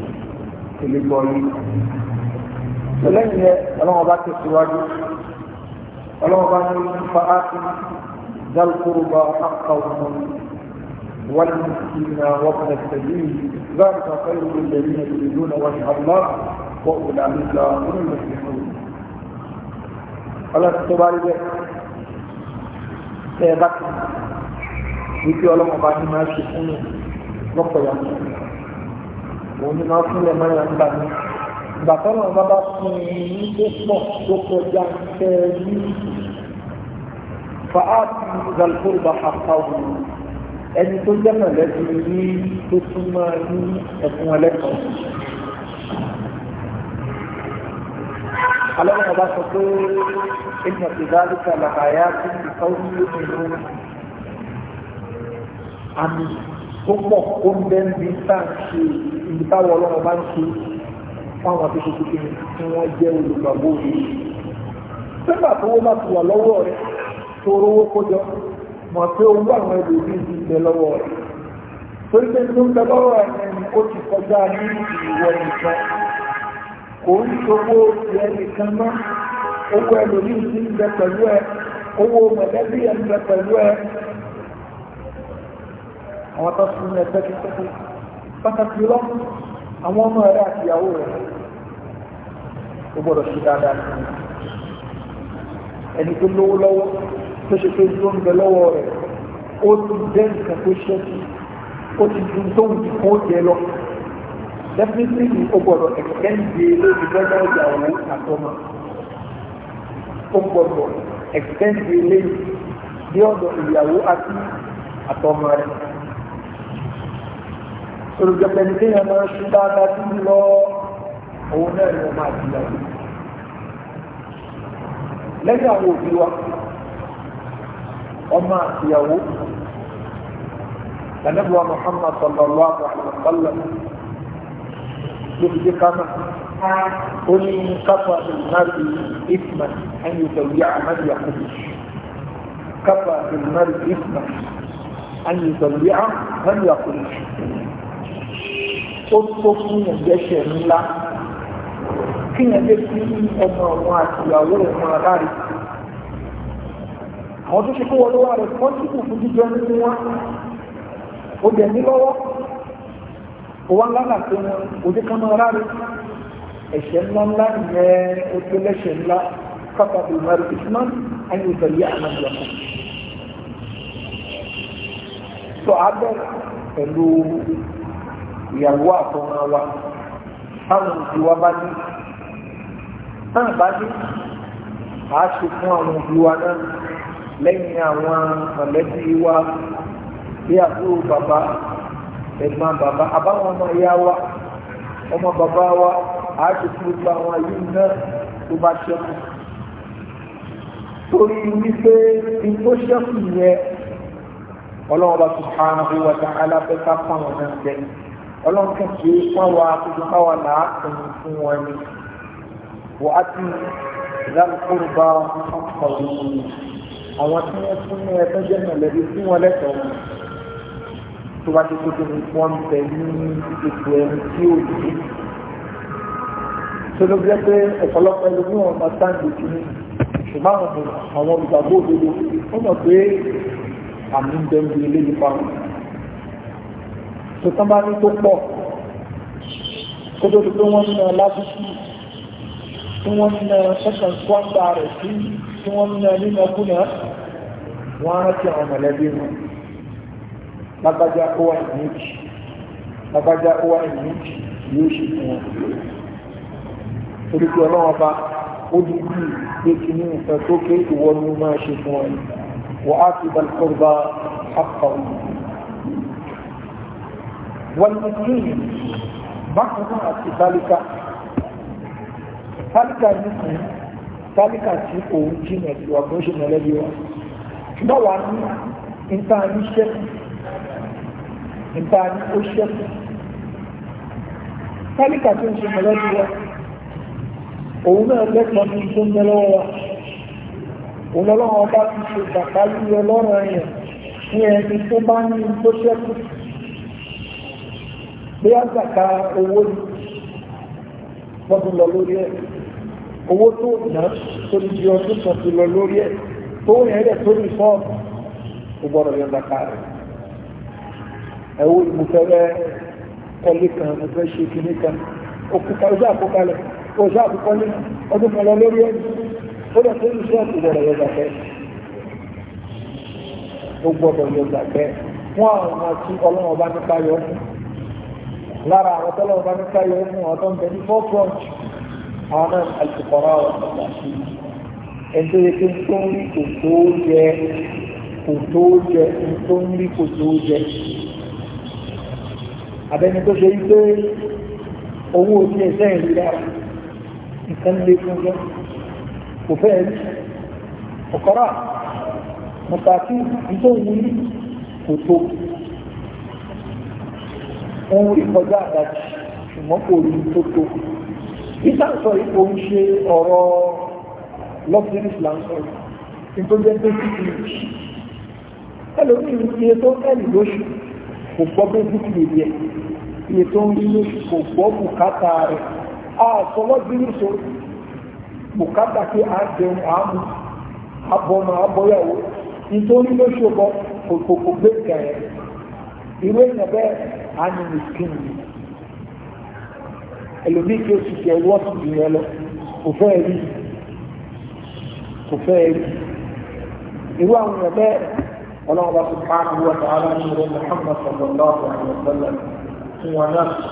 kò lè gbọ́ yé lẹ́yìn ọlọ́wọ́ bá ti síwájú ọlọ́wọ́ bá ní fa áàtì dálkúrú bá àkàwọn ọmọ والمسكين وابن السبيل ذلك خير للذين يريدون وجه الله واولئك هم المفلحون ọlọ́run tó bá rí bẹ́ẹ̀ tẹ́ ẹ bá kì í wípé ọlọ́run bá ní máa ṣe fún mi lọ́pọ̀ yàtọ̀ òun ni máa fúnlẹ̀ máa yà ń gbà mí ìgbà tọ́lọ̀ bá bá fún mi ní tó pọ̀ tó kọjá tẹ́ ẹ ní fa áàtì zalfóró bá fà fáwọn ẹni tó jẹ́ mọ̀lẹ́bí ní tó tún máa ní ẹ̀fún ẹlẹ́kọ̀ọ́. alọ́wọ́n ọba sọ pé ẹni ọ̀sẹ̀ dáríkà làkàyà tó ń kọ́ ní ìlú àmì tó pọ̀ ó ń bẹ́ ń bí sáǹsì ibi táwọn ọlọ́run bá ń ṣe fáwọn akéṣe kékeré tí wọ́n jẹ́ olùgbàgbọ́ òbí. pépà tó wọ́n bá ti wà lọ́wọ́ rẹ̀ tó rówó kójọ mọ̀ pé owó àwọn ẹlòmí ti bẹ lọ́wọ́ rẹ̀ torí pé tó ń bẹ lọ́wọ́ ẹni ó ti kọjá ní ìwọ nìkan kò ń ṣòwò ìyẹn nìkan mọ́ owó ẹlòmí ti ń bẹ pẹ̀lú ẹ owó mọ̀lẹ́bí ẹ̀ ń bẹ pẹ̀lú ẹ àwọn tó sún ẹ pẹ́kípẹ́kí pàtàkì lọ àwọn ọmọ rẹ àti ìyàwó rẹ ó gbọ́dọ̀ ṣe dáadáa ẹni tó lówó lọ́wọ́ tó ṣe pé tó ń bẹ lọ́wọ́ rẹ̀ ó ti jẹ́ nǹkan tó ṣẹ́kù ó ti ju tó ń di kó jẹ lọ definitely ni ó gbọ́dọ̀ ẹ̀kẹ́ǹde lórí bọ́dá ìyàwó àtọmọ o gbọ́dọ̀ ẹ̀kẹ́ǹde lórí bí ọ̀dọ̀ ìyàwó àti àtọmọ rẹ̀ olùjọpẹ̀ ní kéèyàn máa ṣú dáadáa sí lọ òun náà ni wọ́n máa di ìyàwó lẹ́yìn àwọn òbí wa وما يوم فنبوى محمد صلى الله عليه وسلم يخذقنا قل انقطع المرء اثما ان يطيع من يخدش كفى المرء اثما ان يتوجع من يقول اطفقوا الجيش من الله كنا جبتين امرواتي يا ولد مغارب àwọn tó ṣe kó wọlé wà rẹ̀ pọ́ńtìkù fún jíjọ nínú wọn ó bẹ̀ ní lọ́wọ́ ó wá ńlá làtó wọn ojú kan náà rárẹ̀ ẹ̀ṣẹ̀ ńlá ńlá ìyẹn ó tó lẹ́ṣẹ̀ ńlá kápá bí mari isman ẹni ìtẹ̀lé àmàlùkù tó abẹ́ pẹ̀lú ìyàwó àtọ́nà wa táwọn òbí wa bá ní táwọn bá ní àá ṣe fún àwọn òbí wa náà lẹ́yìn àwọn mọ̀lẹ́bí wa bí àbúrò bàbá ẹ̀gbọ́n bàbá àbáwọn ọmọ ìyá wa ọmọ bàbá wa àáṣekú gba àwọn yìí náà tó bá ṣẹ́kù torí wípé ní tó ṣẹ́kù yẹn ọlọ́run bá tún pa àwọn ọ̀tá na fáwọn náà jẹ ọlọ́run kàn fún wọn ni wọ́n á ti àwọn tí wọ́n fún ní ẹgbẹ́ jẹ́ mọ̀lẹ́bí fún wọn lẹ́tọ̀ọ́ wọn tó bá ti kó tó ní wọ́n ń bẹ ní ipò ẹni tí ó yé tó ló jẹ́ pé ọ̀pọ̀lọpọ̀ ẹni ní wọn máa sáǹdì kí ni ṣùgbọ́n àwọn àwọn òdodo ó mọ̀ pé àmì ń bẹ́ẹ̀ ní ilé nípa wọn tó bá ní tó pọ̀ kó tó di pé wọ́n ń ná lásìkò tí wọ́n ń ná sẹ́kàn kwanta rẹ̀ sí tí wọ́n ń ná nínú ọkùnrin wọ́n á rántí àwọn mọ̀lẹ́bí wọn lágbájá ó wà ní méjì lágbájá ó wà ní méjì yóò ṣe fún wọn olùkọ́ ọlọ́wọ́n bá ó di bí pé kí ní nǹkan tó ké ìwọ ni ó máa ṣe fún wọn wọ́n á ti bá lọ́kọ́ bá apá wọn. wọ́n ní kí ni bákan náà àti tálíkà tálíkà nìkan tálíkà tí òun jìnà sí wa kó ṣe mọ̀lẹ́bí wa ṣùgbọ́n wà ní nta ní ṣẹ́kù nta ní ó ṣẹ́kù tálíkà tó ń ṣe mọ̀lẹ́bí wa òun náà lẹ́kọ̀ọ́ ní tó ń mẹ́lọ́wọ́ wa òun lọ́wọ́ bá ti ṣe bàbá yíyọ lọ́rọ̀ ẹ̀yẹ̀ ní ẹni tó bá ní tó ṣẹ́kù bí a gbàgbà owó ni wọ́n ti lọ lórí ẹ̀ owó tó nà tó ti di ọdún kan ti lọ lórí ẹ̀ tó yẹn lẹ̀ tó ní sọ́ọ̀bù ó gbọ́dọ̀ yẹn bàtà rẹ̀ ẹ wo mo fẹ́ rẹ́ kọ́lé kan mo fẹ́ ṣe kinní kan òkúta ojú àkókalẹ̀ ojú àkókọ́lé ọdún kan lọ lórí ẹni ó lọ tó ní sọ́ọ̀bù ó gbọ́dọ̀ yẹn bàtà rẹ̀ ó gbọ́dọ̀ yọ gbàgbẹ́ fún àwọn àti ọlọ́run ọba nípa yọ fún lára àwọn tọ́lọ́run ọba nípa yọ fún ọ̀tọ́ ń bẹ ní four front àwọn náà àti kọ̀ọ̀rọ̀ ọ̀tọ̀ àti ìlú ẹni tó yẹ kí tó ń rí kò tó jẹ kò tó jẹ tó ń rí kò tó jẹ abẹni tó ṣe ń pé owó ojú ẹsẹ̀ ìlú nǹkan lè fún jẹ kò fẹ́ rí ọ̀kọ́rà mọ̀tàkì nítorí wù ní kò tó òun rí kọjá àdájì ṣùgbọ́n kò rí tó tó ìtàn sọ ipò ń ṣe ọ̀rọ̀ luxury land sọ̀rọ̀ ní tó jẹ́ pé títí ẹlòmíì iye tó ẹ̀lì lóṣù kò gbọ́ pé títí lè yẹ iye tó ń rí lóṣù kò gbọ́ bùkátà rẹ̀ àtọ́ lọ́gbìnì sọ bùkátà pé à ń jẹun àmú abọ́nà abọ́yàwó nítorí lóṣù ọkọ̀ kòkòkò gbé kẹrẹ ìwé èèyàn bẹ́ẹ̀ á ní mìsíkìn ni ẹlòmíì kí oṣù kẹ wọ́ọ̀sì jù yẹn lọ kò fẹ́ rí i خفيف إمام النداء قال الله سبحانه وتعالى نور محمد صلى الله عليه وسلم هو نفس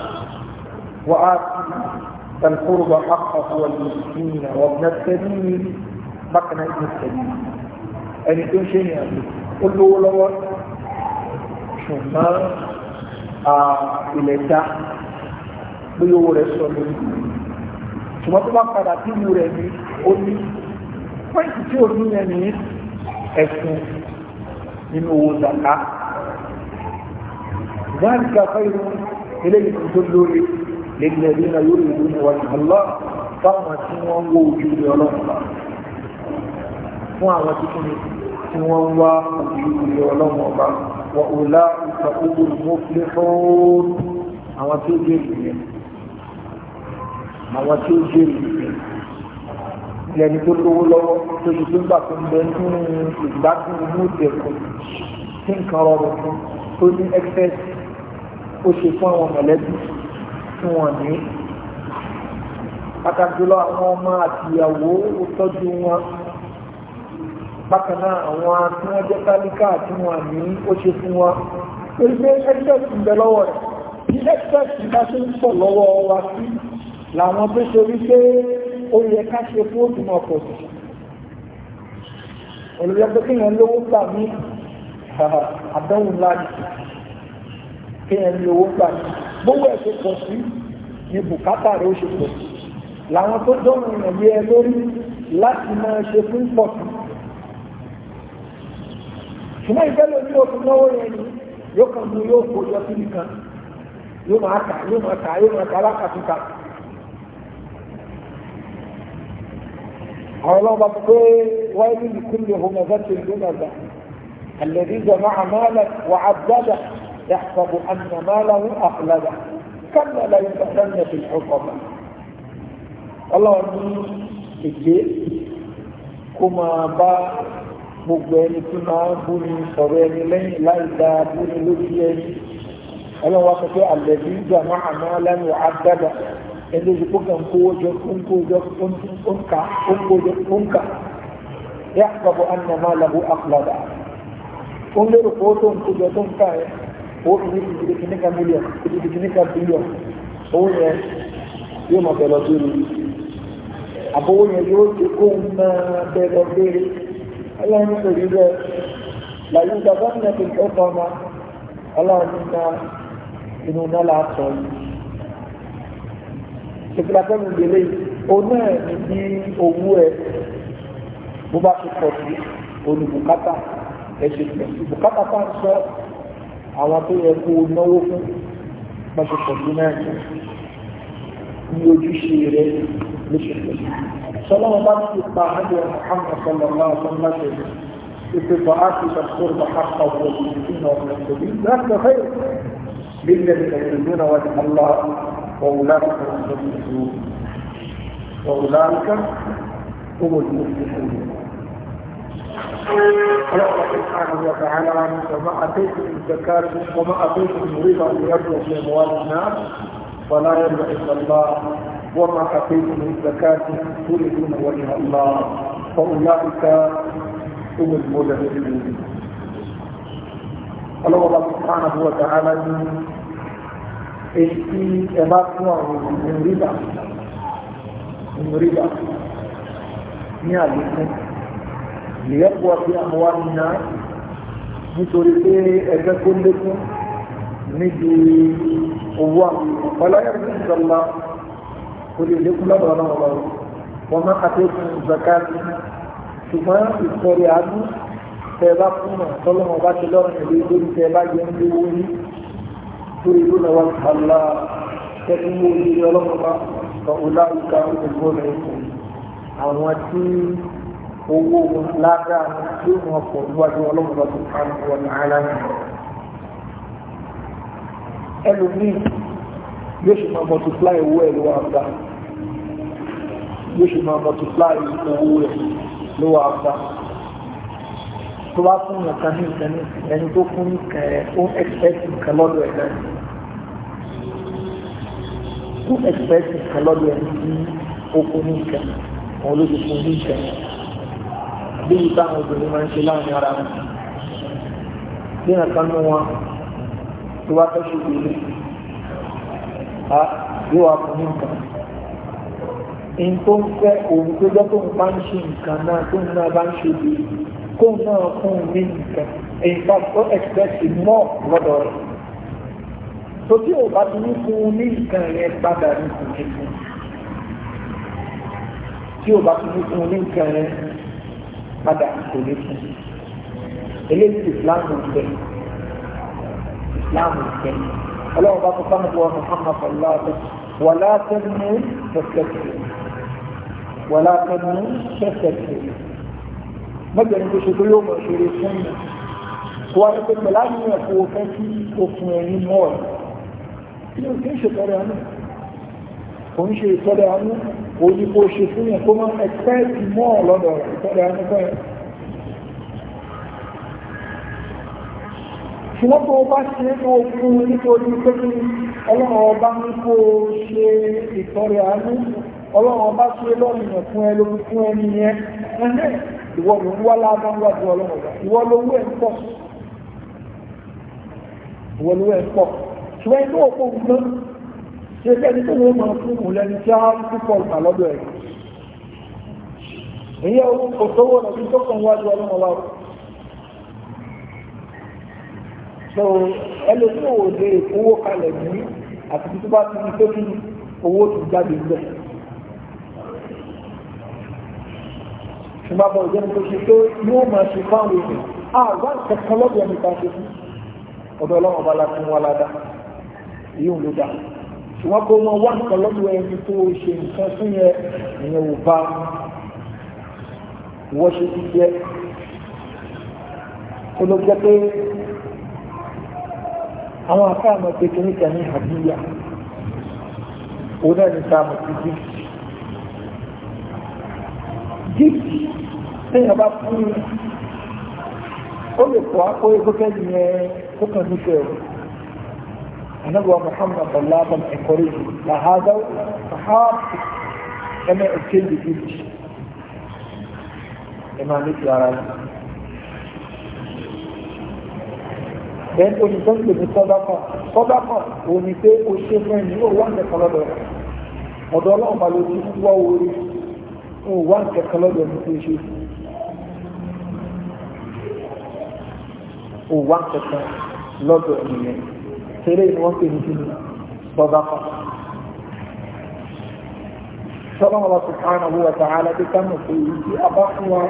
وآتي القرب حقه والمسكين وابن السبيل مكن ابن السبيل أن يعني يكون شيء يعني قل له لو شما آه، إلى تا بيورسوني شما تبقى لا تيورني قل لي pọ́ìntì tí òfin yẹn ní ẹ̀sùn nínú owó zaka dáríkà fẹ́rù eléyìí tó lórí lẹ́gbẹ̀ẹ́ bí na yóò ìlú ni wọ́n lọ fáwọn tí wọ́n wó ojú ní ọlọ́pàá fún àwọn tuntun tí wọ́n wá ojú ní ọlọ́pàá wọ́n ò lá ìfàkókò ìmọ̀filé fọ́ọ̀rù àwọn tí àwọn tí ó jẹ́ ìrìn lẹni tó lówó lọ́wọ́ tó ti tó ń gbà tó ń bẹ nínú ìgbádùn inú ìdẹ̀kùn tí nǹkan rọrùn fún tó ní excess ó ṣe fún àwọn mọ̀lẹ́bí tí wọ́n ní. pàtàkì jùlọ àwọn ọmọ àti ìyàwó ó tọ́jú wọn bákan náà àwọn tí wọ́n jẹ́ tálíkà tí wọ́n ní ó ṣe fún wọn. torí excess ń bẹ lọ́wọ́ rẹ̀ bí excess bá ṣe ń pọ̀ lọ́wọ́ wa sí làwọn tó ṣe wípé ó yẹ ká ṣe fún òtún ọkọ̀ sí olùyẹ pé kéèyàn lówó gbà mí àdánwò ńlá ni kéèyàn lówó gbà mí gbogbo ẹ̀ ṣe pọ̀ sí ni bùkátà rẹ̀ ó ṣe pọ̀ sí làwọn tó dọ́rùn ìrìn lé ẹ lórí láti máa ṣe fún pọ̀ sí ṣùgbọ́n ìfẹ́lẹ̀ ní òfin náwó yẹn ni yóò kàn mú yóò kó yọ sí nìkan yóò máa kà yóò máa kà yóò máa kà lákàtúntà. àwọn ọlọ́ba pé wáyé ní kúlẹ̀ ọmọ ẹ̀fẹ́ tó ìlú nàgbà àlẹ́bí jọmọ́ àmàlà wà á dáadáa يحسب أن ماله أخلده كلا لا يتسنى في الحكمة الله ní èké kó máa bá gbogbo ẹni tí máa ń búni sọ̀rọ̀ ẹni lẹ́yìn láì dáa búni lójú ẹni ọlọ́wọ́ sọ pé àlẹ́bí jọmọ́ àmàlà wà á dáadáa ẹni oṣù kó kàn kówó jọ ó ń kówó jọ ó ń kà ó ń kówó jọ ó ń kà ẹ àgbàbọ anamá làbó àkùlàdà ó ń lérò kówó tó ń kó jọ tó ń kà ẹ owó kìíní kìíní ka mílíọ̀n kìíní kìíní ka bílíọ̀n owó yẹn yóò mọ̀ bẹ̀rẹ̀ lọ́dún yìí àbówó yẹn yóò ti kó ń mọ bẹ̀rẹ̀ béèrè ọlọ́run sọ̀rọ̀ ibẹ̀ làyé ìgbà bá ń lẹ́kọ̀ọ́ ọ̀pọ̀ ọmọ ọlọ́run ní inú náà látọ̀ yìí ìṣèkìlá fẹ́ mi gbélé oná ẹ̀mí ní owó ẹ bó bá ti pọ̀ sí olùbùkátà ẹ̀ṣẹ̀ pẹ̀ bùkátà tá ń sọ àwọn tó yẹ kó náwó fún bá ṣe pọ̀ sí náà ní ojúṣe rẹ ló ṣe sọlọ́wọ́n bá ti pa àjọ àmọ̀ sọlọ́ náà sọ́nà tẹ̀lé اتبع عاقب القرب حقه والمسلمين والمسلمين ذاك خير للذين يؤمنون وجه الله وأولئك هم المفلحون وأولئك هم المفلحون قال سبحانه وتعالى وما أتيتم من زكاة وما أتيتم من ربا في أموال الناس فلا يرجع إلا الله وما أتيتم من زكاة تريدون وجه الله فأولئك هم المدهرون الله سبحانه وتعالى èyí tí ẹ bá fún àwọn ìmúrídà ìmúrídà ní àlékún ìyẹ́pọ̀ bí àwọn wá nínú nítorí pé ẹgbẹ́ tó lékún níbi owó àwọn ọ̀pọ̀lọpọ̀ ní ìjọba kò lè lékún lọ́dọ̀ náà lọ́rọ̀ تريدون وجه الله تأمون إلى ربك فأولئك هم المنعمون àwọn tí owó lágbára tí wọ́n pọ̀ níwájú ọlọ́mọba tó ká ní wọn ààlá ẹlòmíì yóò ṣe máa multiply owó ẹ̀ lówó àgbà yóò ṣe máa multiply owó ẹ̀ lówó àgbà tó bá fún yàn kan ní um ní ẹni tó fún nǹkan ẹ ó ń expect nǹkan lọ́dọ̀ ẹ̀ náà ó ń expect nǹkan lọ́dọ̀ ẹ̀ ní okun nìkan àwọn olóṣèlú nìkan bí ìta àwọn obìnrin máa ń ṣe láàrin ara wọn bí yàn a yóò wá fún nǹkan nǹkan tó ń fẹ́ òun tó jẹ́ tó ń bá ń ṣe nǹkan kó náà fún mi nìkan in fact ó expect mọ́ lọ́dọ̀ rẹ̀ tó tí ò bá ti ní fún un ní nǹkan yẹn padà ní kò ní fún tí ò bá ti ní fún un ní nǹkan yẹn padà ní kò ní fún eléyìí Islam ń bẹ Islam ń bẹ ọlọ́run bá tó sáwọn tó wà Muhammad sallallahu alaihi wasallam wàlá mọ́jọ́ ní tó ṣe tó yóò mọ̀ ṣeré fún mi kó wá pé pẹ̀lá ní ẹ̀kọ́ fẹ́ kí okùn ẹ̀yìn mọ́ ẹ̀ kí ló kí ń ṣe tọ́rẹ àánú kò ń ṣe ìtọ́rẹ àánú kò ní kó ṣe fún yẹn kó máa ẹ̀kpẹ́ẹ̀tì mọ́ ọ̀ lọ́dọ̀ ìtọ́rẹ àánú fẹ́ ṣùgbọ́n tó o bá ṣe tó o fún un nítorí pé kí ọlọ́run ọba ní kó o ṣe ìtọ́rẹ àánú ọlọ́run ọba ṣe lọ́rùn yẹn ẹ lórí fún ẹni yẹn ìwọ ló ń wá láàbá wájú ọlọ́run ọ̀gá ìwọ lówó ẹ̀ ń pọ̀ ìwọ lówó ẹ̀ ń pọ̀ ṣùgbọ́n inú òpó gbọ́n ṣe kẹ́ni tó lóun máa fún òun lẹ́ni tí a púpọ̀ gbà lọ́dọ̀ ẹ̀ ìyẹn owó kò sówó lọ sí tó kàn wájú ọlọ́run ọ̀gá so ẹlòmíràn ò lè kówó kalẹ̀ ní àti tó bá ti di pé kí owó ti jáde bẹ́ẹ̀. ṣùgbọ́n bọ̀ ìjẹ́ni tó ṣe pé yóò máa ṣe fáwọn èèyàn àgbà kẹ̀kẹ́ lọ́dọ̀ ẹni ta ṣe fún ọ̀dọ̀ ọlọ́run ọba láti wọn ládá yóò ló dá ṣùgbọ́n kó mọ wá nǹkan lọ́dọ̀ ẹni tó ṣe nǹkan fún yẹn ìyẹn ò bá wọ́n ṣe ti jẹ́ kó ló jẹ́ pé àwọn afáàmọ̀ kékeré kan ní àbíyá òun náà ní sáà mọ̀ sí gift téèyàn bá fún ó lè kọ́ àpò ìgbókẹ́ yẹn tó kàn ní fẹ́ o annabi wa muhammad sallallahu alaihi encourage la hada sahab ema exchange gift ema ni tiara then oni tó ń pè ní sọdákọ sọdákọ òní pé o ṣe fún ẹni ó wà ní wá orí wọn ò wá kẹ̀kẹ́ lọ́dọ̀ ní tó ṣe ò wá kẹ̀kẹ́ lọ́dọ̀ ènìyàn tẹ́lẹ̀ ni wọ́n pè ní kí ni bọ́bá kan sọ́dọ̀ wọn subhanahu wa ta'ala bí ká mọ̀ pé èyí tí a bá fún wa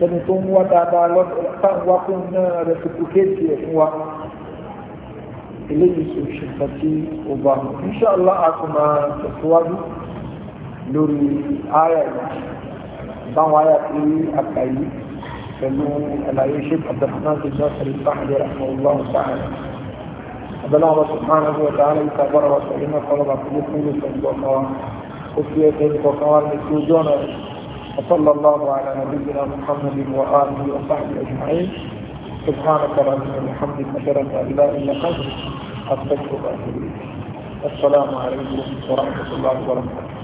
sẹ́ni tó ń wá dáadáa lọ́dọ̀ táwọn wá fún náà rẹ̀ fìpùkéètì ẹ̀ fún wa eléyìí sọ ṣùgbọ́n tí ó bá mọ̀ inṣàlá a kò máa tẹ̀síwájú lórí ààyè báwọn ààyè tí a kà yìí pẹ̀lú àlàyé ṣe abdulhanan tó jẹ́ sẹ́ni fáhàdé rahmanullah ta'ala abdullahi wa subhanahu wa ta'ala yìí kábàrà wa sọ̀rọ̀ iná kọlọ́ba kúlé kúlé sọ̀rọ̀ kọ́wa ó fi ẹ̀kẹ́ kọ̀ọ̀kan wa ní ojú ọ̀nà rẹ̀ وصلى الله على نبينا محمد وآله وصحبه أجمعين سبحانك ربنا وبحمدك أشهد أن لا إله إلا أنت أستغفرك وأتوب إليك السلام عليكم ورحمة الله وبركاته